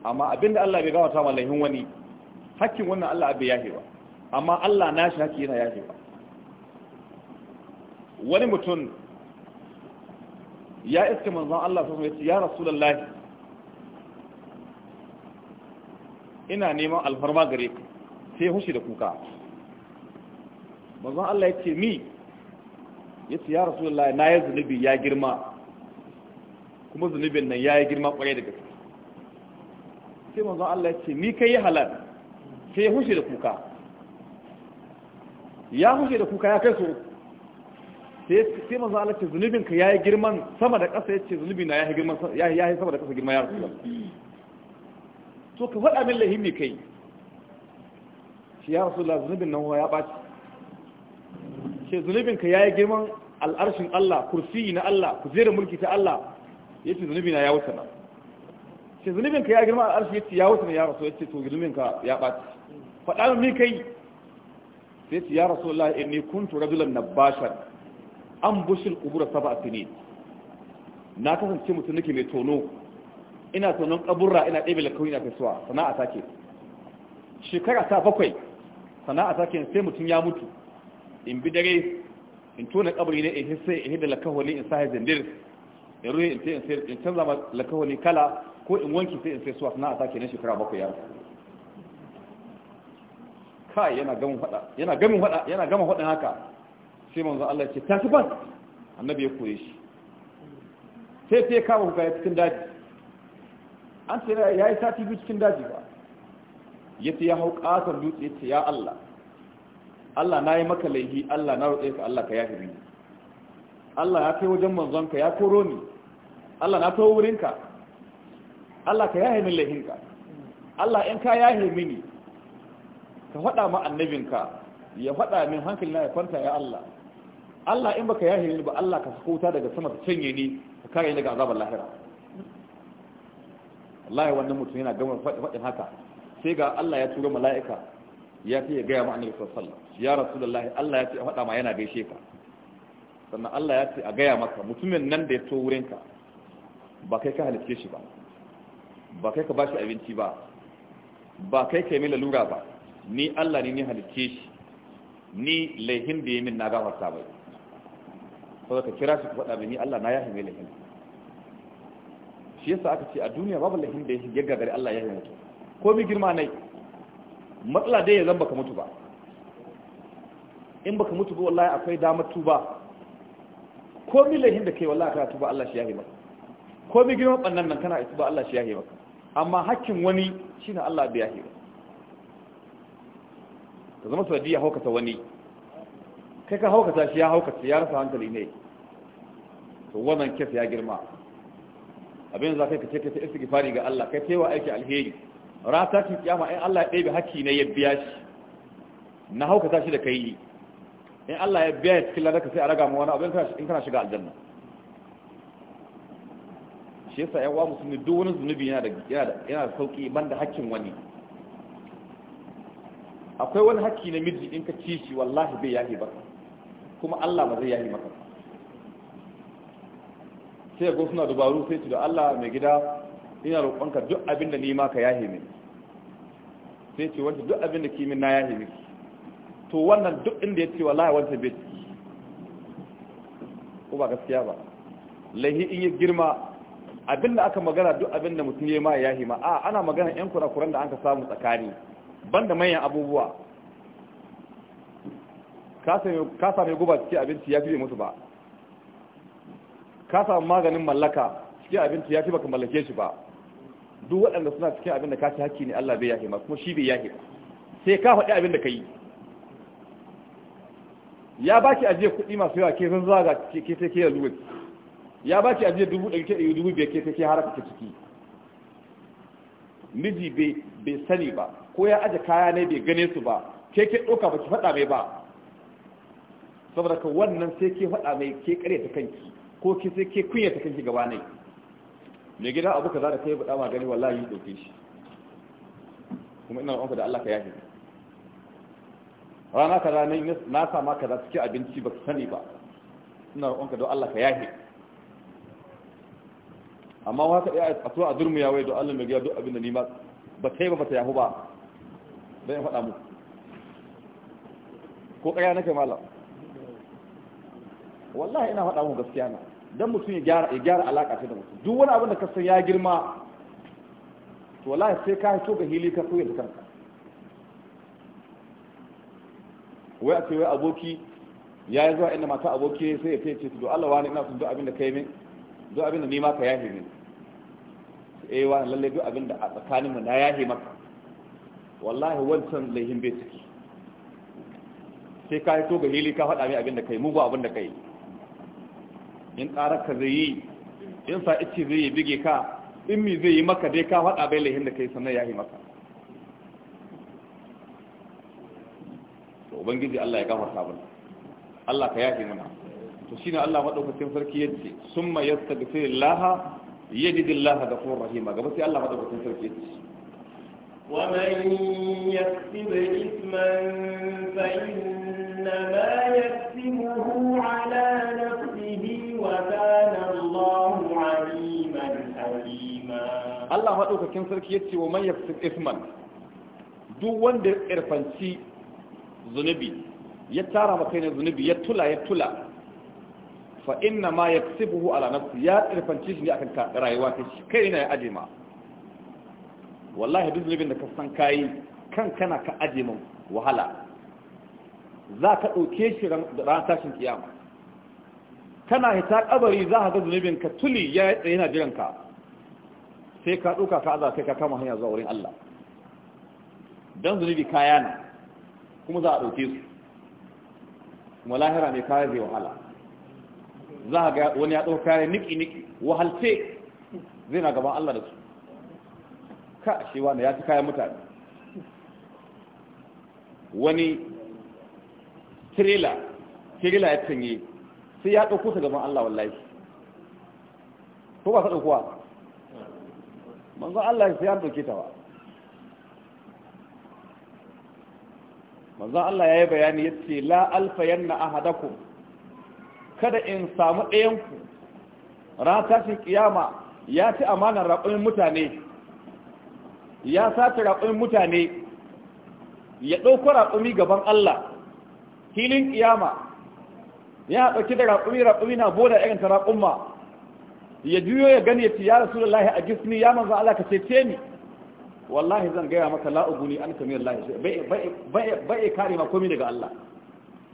amma abinda Allah bai gafarta ma laihin wani hakkin wannan Allah abin yahe ba amma Allah na shi hakki yana yahe ba wani mutum ya iske manzan Allah ya yace ya rasulullahi ina neman alfarma gare sai hushi da kuka manzon Allah ya ce mi ya ce ya rasulullahi na yi zunubi ya girma kuma zunubin nan ya yi girma kwarai da gaske sai manzon Allah ya ce ni kai yi halal sai ya hushe da kuka ya hushe da kuka ya kai so sai manzon Allah ce zunubin ka ya yi girman sama da ƙasa ya ce zunubi na ya yi sama da ƙasa girma ya rasulullahi to ka faɗa min lahimi kai shi ya rasulullahi zunubin nan ya ɓaci ce zunubinka ya yi girman al'arshin Allah kursi na Allah ku zira mulki ta Allah ya ce zunubina ya wuce na ce zunubinka ya girman al'arshi ya ce ya wuce na ya rasu ya ce to zunubinka ya ɓaci faɗa min kai sai ce ya rasu Allah in kun tura rajulan na bashar an bushe kubura saba a tuni na kasance mutum nake mai tono ina tonon kaburra ina ɗebe kawai na fesuwa, sana'a take shekara ta bakwai sana'a take sai mutum ya mutu in bi dare in tona kabari ne in hisse in hidda lakawali in sa zindir in ruhi in sai in canza ma lakawali kala ko in wanki sai in sai suwa na ata kenan shekara bakwai ya kai yana gamin fada yana gamin fada yana gama fadin haka sai manzo Allah ya ce tafi ba annabi ya koye shi sai sai kama hukaya cikin daji an ce yayi yi sati cikin daji ba yace ya hau ƙasar dutse ya ya Allah Allah na yi maka laifi Allah na roƙe ka Allah ka ya ni Allah ya kai wajen ka ya koro ni Allah na wurin ka, Allah ka yafe min laifinka Allah in ka yafe mini ka faɗa ma annabinka ya faɗa min hankali na ya kwanta ya Allah Allah in baka yafe ni ba Allah ka sakota daga sama ka canye ni ka kare ni daga azabar lahira ya wannan mutum yana gama faɗin haka sai ga Allah ya turo mala'ika ya fiye gaya ma annabi sallallahu alaihi wasallam ya lahi Allah ya ce a faɗa ma yana gaishe ka sannan Allah ya ce a gaya maka mutumin nan da ya to wurinka ba kai ka halitta shi ba ba kai ka ba shi abinci ba ba kai ka yi mai lalura ba ni Allah ne ni halitta shi ni laihin da ya min na gafarta bai sau ka kira shi ku faɗa bai ni Allah na yahi mai laihin shi yasa aka ce a duniya babu laihin da ya gagare Allah ya yi mutu ko bi girma nai matsala dai ya zamba ka mutu ba in baka mutu ba wallahi akwai damar tuba ko mi lahin da kai wallahi kana tuba Allah shi yahe maka ko mi girman bannan nan kana tuba Allah shi yahe maka amma hakkin wani shine Allah bai yahe ka zama sanadiyya haukata wani kai ka haukata shi ya haukata ya rasa hankali ne to wannan kes ya girma abin za kai ka ce kai ta istighfari ga Allah kai taiwa aiki alheri rata ki kiyama in Allah ya ɗebe hakki ne ya biya shi na haukata shi da kai in Allah ya biya cikin ladaka sai a raga ma wani abin in kana shiga aljanna shi yasa yawa musulmi duk wani zunubi yana da yana da sauki da hakkin wani akwai wani hakki na miji in ka ci shi wallahi bai yahi ba kuma Allah ba zai yahi maka sai ga suna dubaru sai ci da Allah mai gida ina roƙonka duk abin da ni ma ka yahi min sai ce wanda duk abin da ki min na yahi miki to wannan duk inda ya ce wallahi wancan bai ciki ko ba gaskiya ba laihi in yi girma abin da aka magana duk abin da mutum ya ma ya yi ma a ana magana yan kurakuran da an ka samu tsakani banda manyan abubuwa ka sami guba cikin abinci ya fi mutu ba ka samu maganin mallaka cikin abinci ya fi baka mallake shi ba duk waɗanda suna cikin abin da ka ci hakki ne Allah bai yahi ma kuma shi bai yahi sai ka faɗi abinda ka yi ya baki ajiye kuɗi masu yawa ke zanzuwa ga ke sai ke yanzu ya baki ajiye dubu ɗari ke dubu biyar ke sai ke haraka ke ciki miji bai sani ba ko ya aje kaya ne bai gane su ba ke ke ɗauka ba ki faɗa mai ba saboda ka wannan sai ke faɗa mai ke ƙare ta kanki ko ke sai ke kunya ta kanki gaba ne mai gida abu ka za da kai buɗa ma gani wallahi ɗauke shi kuma ina ranka da Allah ka yafe rana ka ne na sama kaza cikin abinci ba sani ba suna roƙonka don Allah ka yahe amma ka ɗaya a tuwa a durmu ya wai don Allah mai gida duk abin da ni ba ba ta yi ba ba ta yahu ba don ya faɗa mu ko ƙarya nake malam wallahi ina faɗa mu gaskiya na don mutum ya gyara ya gyara alaƙa ta da mutum duk wani abin da ka san ya girma to wallahi sai ka hito ga hili ka koyar da kanka wai a ce wai aboki ya yi zuwa inda mata aboki sai ya ce to Allah wani ina son duk abin da kai min duk abin da ni ma ka yahi min eh wani lalle duk abin da a tsakanin mu na yahi maka wallahi wancan laihin bai ciki sai ka to ga hili ka faɗa mai abin da kai mugu abin da kai in ƙarar ka zai yi in sa ice zai yi bige ka in mi zai yi maka dai ka faɗa bai laihin da kai sannan yahi maka ubangiji Allah ya gafarta mana Allah ka yafe mana to shine Allah madaukakin sarki yace summa yastaghfirullah yajidullah ghafurur rahim gaba sai Allah madaukakin sarki yace ومن يكسب إثما فإنما يكسبه على نفسه وكان الله عليما حليما الله sarki سركي يتي ومن يكسب isman duk wanda irfanci zunubi ya tara maka ne zunubi ya tula ya tula fa inna ma yaksibuhu ala nafsi ya tsirfanci shi ne akan ka rayuwa ta shi kai na ya aje ma wallahi duk zunubin da ka san kayi kan kana ka aje mun wahala za ka ɗauke shi ran tashin kiyama kana hita kabari za ka ga zunubin ka tuli ya tsaye na jiran ka sai ka ɗauka ka aza sai ka kama hanya zuwa wurin Allah dan zunubi kaya na kuma za a ɗauke su kuma lahira mai kaya zai wahala za a ga wani ya ɗauka kaya niki-niki wahalce zai na gaban Allah da su ka a shewa na ya fi kayan mutane wani tirela tirela ya canye sai ya ɗauko su gaban Allah wallahi ko ba su ɗaukuwa manzo Allah sai ya ɗauke ta ba manzon Allah ya yi bayani ya yace la alfayanna ahadakum kada in samu ɗayan ku ta tashin kiyama ya ci amanar raƙumin mutane ya sace raƙumin mutane ya ɗauko raƙumi gaban Allah filin ƙiyama ya ɗauki da raƙumi raƙumi na boda irin ta raƙumma ya juyo ya gani ya ce ya rasu da lahi a gisni ya manzo Allah ka cece ni wallahi zan gaya maka la'uguni an kamiyar lahi bai kare ma komi daga Allah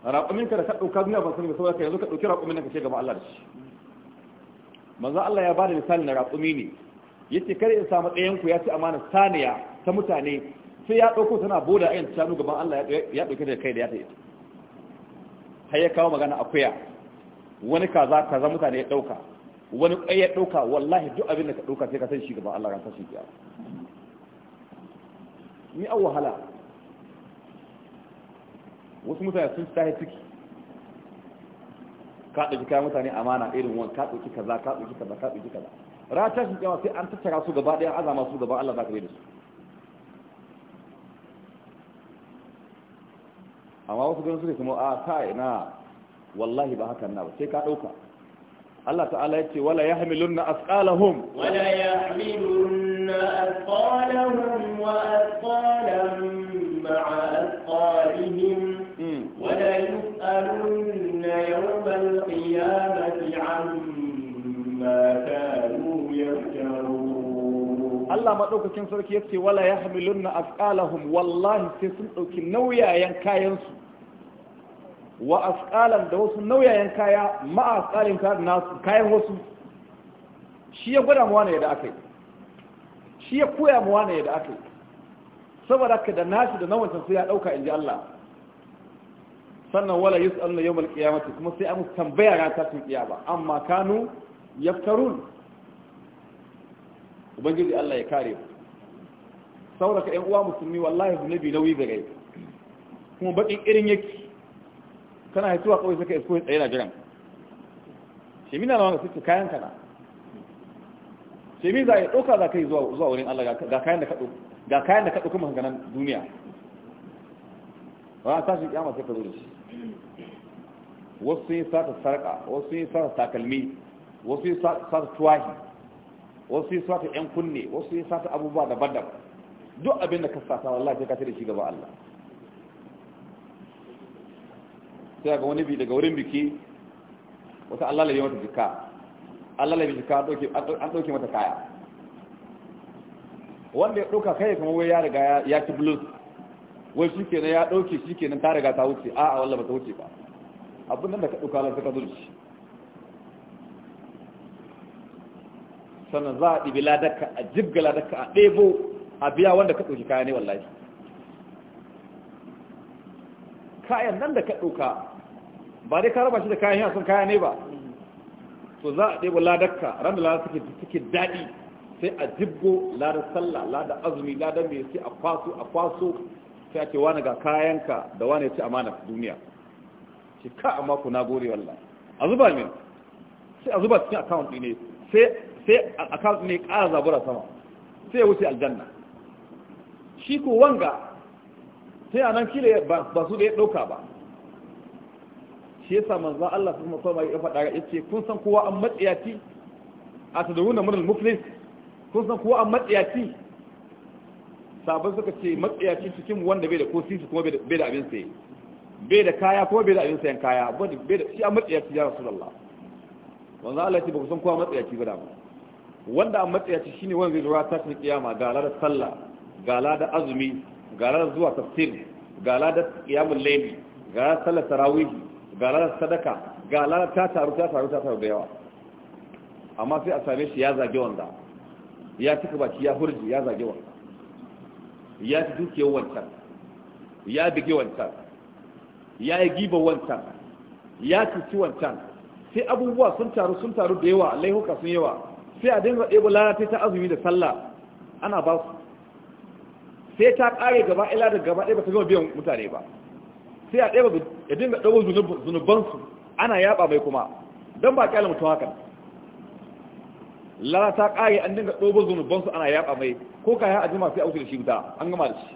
raƙumin ka da ka ɗauka zuwa ban sani ba saboda ka yanzu ka ɗauki raƙumin ka ce gaba Allah da shi manzo Allah ya bada misali na raƙumi ne yace kare in samu ɗayan ku ya ci amana saniya ta mutane sai ya ɗauko tana boda ayin shanu gaban Allah ya ɗauke da kai da ya ta yi. har ya kawo magana akuya wani kaza kaza mutane ya ɗauka wani ƙwai ya ɗauka wallahi duk abin da ka ɗauka sai ka san shi gaban Allah ran tashin kiyama ni an wahala wasu mutane sun tahi ciki ka ɗauki kayan mutane amana irin wani ka ɗauki kaza ka ɗauki kaza ka ɗauki kaza rata shi kyawa sai an tattara su gaba ɗaya azama su gaba Allah za ka bai da su amma wasu ganin suke kuma a kai na wallahi ba hakan na ba sai ka ɗauka Allah ta'ala ya ce wala ya hamilun na asƙalahum wala ya hamilun أثقالهم وأثقالا مع أثقالهم وليسألن يوم القيامة عما كانوا يفترون الله ما دوك كان سرك يفتي ولا يحملن أثقالهم والله سيسن أوكي نويا ينكاينسو وأثقالا دوسو نويا ينكايا مع أثقالهم كان ناس كاين وسو shi ya gwada mu wani yadda aka yi shi ya koya mu wane da aka saboda ka da nashi da nawancan sai ya dauka inji Allah sannan wala yus'aluna yawmal qiyamati kuma sai an tambaya ran ta tun kiyama amma kanu yaftarun ubangiji Allah ya kare mu saboda ka ɗan uwa musulmi wallahi nabi nauyi da gai kuma bakin irin yake kana haituwa kawai saka isko tsaye na jiran shi mina na wanda suke kayan kana sai mi za ya ɗauka za ka yi zuwa wurin Allah ga kayan da kaɗo ga kayan da kaɗo kuma hanganan duniya ba a tashi kyamar sai ka zo da shi wasu sun yi sata sarƙa wasu sun yi sata takalmi wasu sun yi sata tuwahi wasu sun yi sata ƴan kunne wasu sun yi sata abubuwa daban-daban duk abin da ka sata wallahi sai ka tare shi gaba Allah sai ga wani bi daga wurin biki wata Allah ya mata jika Allah labi jika an ɗauke mata kaya wanda ya ɗauka kai kamar wai ya riga ya ci bulus wai shi ya ɗauke shi ta riga ta wuce a'a wallah ba ta wuce ba abin nan da ka ɗauka lan suka zurci sannan za a ɗibi ladaka a jibga ladaka a ɗebo a biya wanda ka ɗauki kaya ne wallahi kayan nan da ka ɗauka ba dai ka raba shi da kayan yana son kaya ne ba to za a ɗebo ladarka ran da ladar suke daɗi sai a jibgo ladar sallah ladar azumi ladar mai sai a kwaso a kwaso sai ake wani ga kayanka da wani ya ci amana duniya ce ka a mako na gore wallah a zuba min sai a zuba cikin account ne sai account ne ƙara zabura sama sai ya wuce aljanna shi ko wanga sai a nan kila ba su da ya ɗauka ba shi yasa manzo Allah sun musamman mai faɗa ya ce kun san kowa an matsiyaci a tadaru na murin muflis kun san kowa an matsiyaci sabon suka ce matsiyaci cikin wanda bai da ko sisi kuma bai da abin sai bai da kaya kuma bai da abin sayan kaya bai da shi an matsiyaci ya rasu Allah manzo Allah ce ba ku san kowa matsiyaci ba da mu wanda an matsiyaci shine wanda zai zo ta cikin kiyama ga da sallah ga da azumi ga da zuwa tafsir ga da kiyamul layli ga da sallar tarawih ga ranar sadaka ga ranar ta taru ta taru ta taru da yawa amma sai a same shi ya zage wanda ya cika baki ya hurji ya zage wanda ya ci duke wancan ya bige wancan ya yi giba wancan ya cuci wancan sai abubuwa sun taru sun taru da yawa laihuka sun yawa sai a dinga ɗebo lalata ta azumi da sallah ana ba su sai ta ƙare gaba ila da gaba ɗaya ba ta gama biyan mutane ba sai a ɗaya ya dinga ɗago zunubansu ana yaɓa mai kuma don ba kyala mutum hakan lalata ƙari an dinga ɗogo zunubansu ana yaɓa mai ko kaya a jima sai a wuce da shi wuta an gama da shi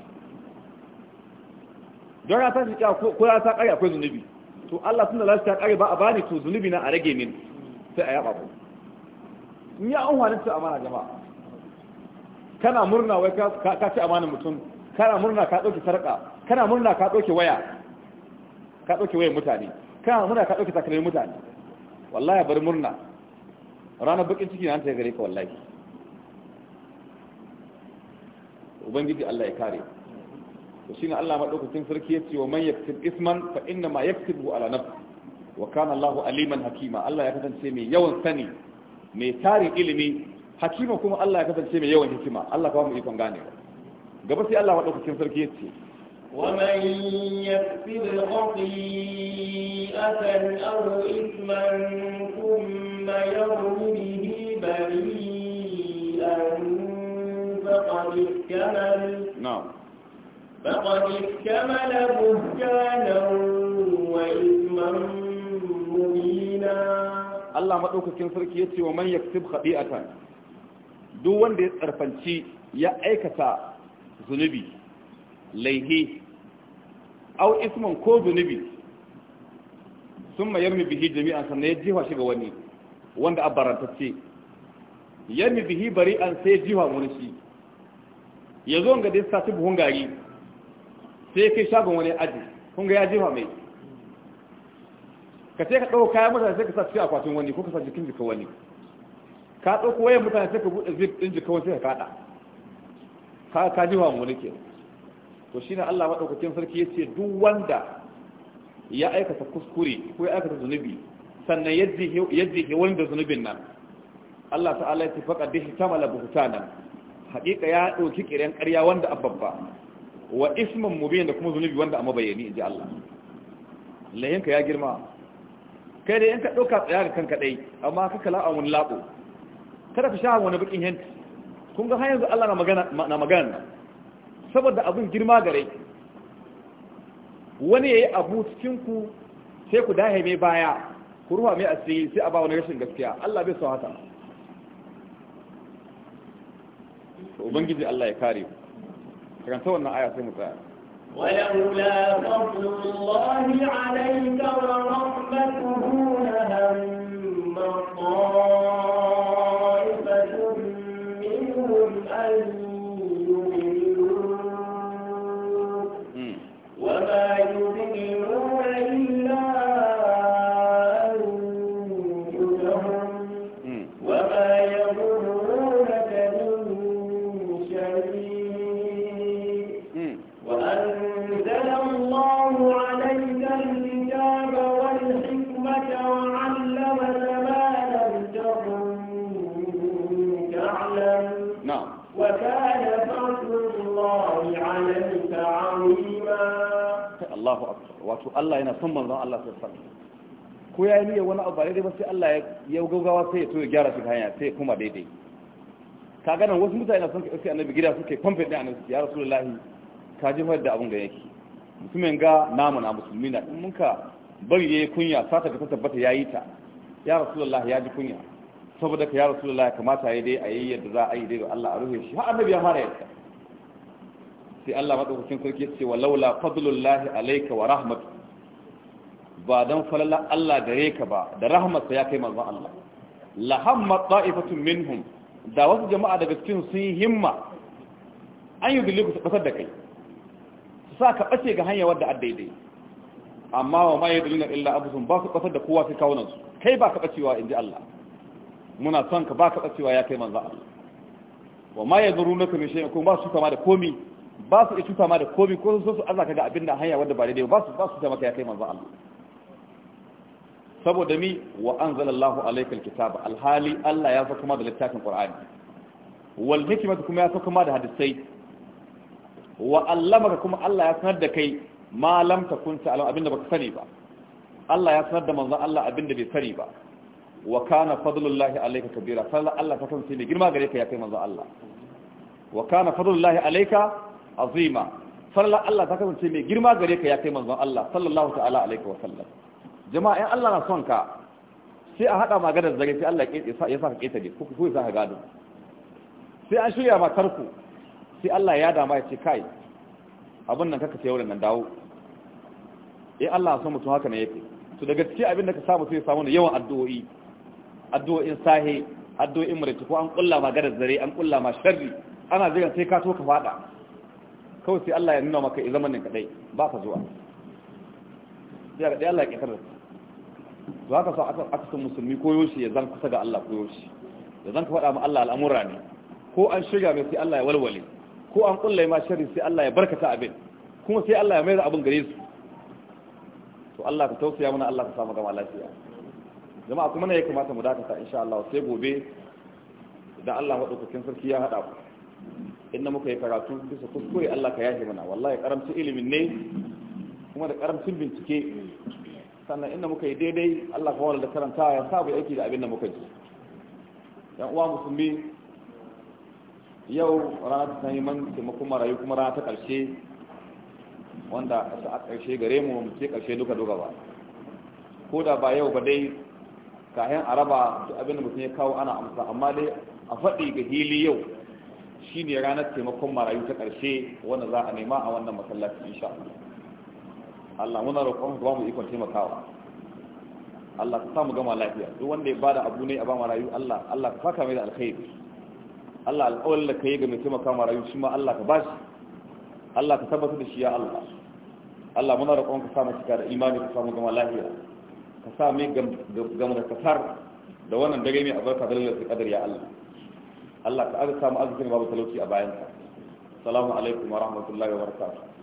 don ya tashi kya ko ya ta ƙaye akwai zunubi to Allah tun da lalata ƙari ba a bani to zunubi na a rage min sai a yaɓa ku in yi an hannun amana jama'a kana murna wai ka ci amanin mutum kana murna ka ɗauki sarƙa kana murna ka ɗauke waya ka ɗauke wayan mutane ka muna ka ɗauke takalmin mutane wallahi bari murna ranar bakin ciki na ta gare ka wallahi ubangiji Allah ya kare to shine Allah madaukakin sarki ya ce wa man yaktib isman fa inna ma yaktibu ala nafsi wa kana Allahu aliman hakima Allah ya kasance mai yawan sani mai tarin ilimi hakima kuma Allah ya kasance mai yawan hikima Allah ka mu ikon gane gaba sai Allah madaukakin sarki ya ce ومن يكسب خطيئة أو إثما ثم يرم به بريئا فقد اكتمل نعم فقد اكتمل بهتانا وإثما مبينا الله مدوكاكين سركي يتي ومن يكسب خطيئة duk wanda ya tsarfanci ya aikata zunubi laihi au isman ko zunubi sun ma yarmi bihi jami'an sannan ya jiwa shi ga wani wanda a barantacce yarmi bihi bari an sai jiwa wani shi ya zo ga dinsa sati buhun gari sai kai shagon wani aji kun ga ya jiwa mai ka ce ka ɗauka kayan mutane sai ka sa cikin akwatin wani ko ka sa jikin jika wani ka kuwa wayan mutane sai ka buɗe zip ɗin jika wani sai ka kaɗa ka jiwa wani kenan to shine Allah madaukakin sarki yace duk wanda ya aikata kuskure ko ya aikata zunubi sannan yadda ke wani da zunubin nan Allah ta'ala ya tafaka da hitamala nan. haƙiƙa ya ɗauki ƙiren ƙarya wanda ababba wa ismin mubin da kuma zunubi wanda amma bayani inji Allah layinka ya girma kai da yanka ɗauka tsaya ga kanka ɗai amma ka kala a wani laɓo kada ka sha wani bakin hanci kun ga har yanzu Allah na magana na saboda abin girma gare wani ya yi abu cikin ku sai ku dahe mai baya ku ruwa mai asiri sai a ba wani rashin gaskiya Allah bai so haka ubangiji Allah ya kare ku karanta wannan aya sai mu tsaya ولولا فضل الله عليك ورحمته لهم طائفة منهم أن أعلم نعم وكان فضل الله عليك عظيما الله أكبر واتو الله ينا ثم الله الله سبحانه ko ya yi wani abu daidai ba sai Allah ya gaugawa sai ya to ya gyara shi hanya sai kuma daidai ka ganin wasu mutane na son ka sai annabi gida suke kwamfe din annabi ya rasulullahi ka ji da abun da yake mutumin ga namu na musulmi na in mun ka bari yayi kunya sata ta tabbata yayi ta ya rasulullahi ya ji kunya saboda ka ya rasu rasulullahi kamata ya dai a yi yadda za a yi dai da Allah a ruhe shi har annabi ya fara yadda sai Allah madaukakin sarki ya ce walaula fadlullahi alayka wa rahmatu ba dan falala Allah gare ka ba da rahmatsa ya kai manzon Allah la hamma ta'ifatun minhum da wasu jama'a daga cikin sun yi himma an yi dalilu su kasar da kai su sa ka bace ga hanya wadda addaidai amma wa ma yaduluna illa abusum ba su kasar da kowa sai kawunan su kai ba ka bacewa inji Allah muna son ka ba baka bacewa ya kai manzo Allah wa ma yadrunaka min shay'in kuma ba su kama da komi ba su isu kama da komi ko su Allah kaga abinda hanya wanda ba daidai ba su ba su ta maka ya kai manzo Allah saboda mi wa anzalallahu alaykal kitaba alhali Allah ya saka kuma da littafin Qur'ani wal hikmatu kuma ya saka kuma da hadisai wa allamaka kuma Allah ya sanar da kai ma lam takun ta'lam abinda baka sani ba Allah ya sanar da manzo Allah abinda bai sani ba wa kana fadlullahi alayka kabira falla Allah ka tantance ne girma gare ka ya kai manzo Allah wa kana fadlullahi alayka azima falla Allah ta kasance mai girma gare ka ya kai manzon Allah sallallahu ta'ala alaihi wa sallam jama'a in Allah na son ka sai a hada maganar zare sai Allah ya saka keta ne ko ko ya saka gado sai an shirya ma tarku sai Allah ya dama ya ce kai abin nan kaka sayo nan dawo eh Allah ya so mutum haka ne yake to daga cikin abin da ka samu sai ya samu yawan addu'o'i addu'o'in sahe addu'o'in murati ko an kulla ma gadar zare an kulla ma sharri ana zigan sai ka so ka fada kawai sai Allah ya nuna maka i zamanin kadai ba ka zuwa sai ga dai Allah ya kitar da to haka so aka aka san musulmi koyo shi ya zan kusa ga Allah koyo shi ya zan ka fada ma Allah al'amura ne ko an shiga mai sai Allah ya walwale ko an kulla ma sharri sai Allah ya barkata abin kuma sai Allah ya mai da abin gare su to Allah ka tausaya mana Allah ka samu gama lafiya jama'a kuma ne ya kamata mu dakata insha Allah sai gobe idan Allah madaukakin sarki ya hada ku inda muka yi karatu bisa kuskure Allah ka yafe mana wallahi karamci ilimin ne kuma da karamcin bincike sannan inda muka yi daidai Allah ka wala da karanta ya sabu aiki da abin da muka ji yan uwa musulmi yau rana ta neman taimakon marayu kuma rana ta karshe wanda a ƙarshe gare mu mu ce ƙarshe duka duka ba ko da ba yau ba dai kayan araba da abin da mutum ya kawo ana amsa amma dai a faɗi ga hili yau shine ranar taimakon marayu ta ƙarshe wanda za a nema a wannan masallaci insha Allah muna roƙon ba mu ikon taimakawa Allah ka samu gama lafiya duk wanda ya bada abu ne a ba marayu Allah Allah ka faka mai da alkhairi Allah alƙawarin da ka yi ga mai taimaka marayu shi ma Allah ka bashi Allah ka tabbatar da shi ya Allah Allah muna roƙon ka samu cika da imani ka samu gama lafiya ka sa mai gamar kafar da wannan dare mai albarka da lalata kadar ya Allah Allah ka arsa mu arzikin babu talauci a bayansa salamu alaikum wa rahmatullahi wa barakatuh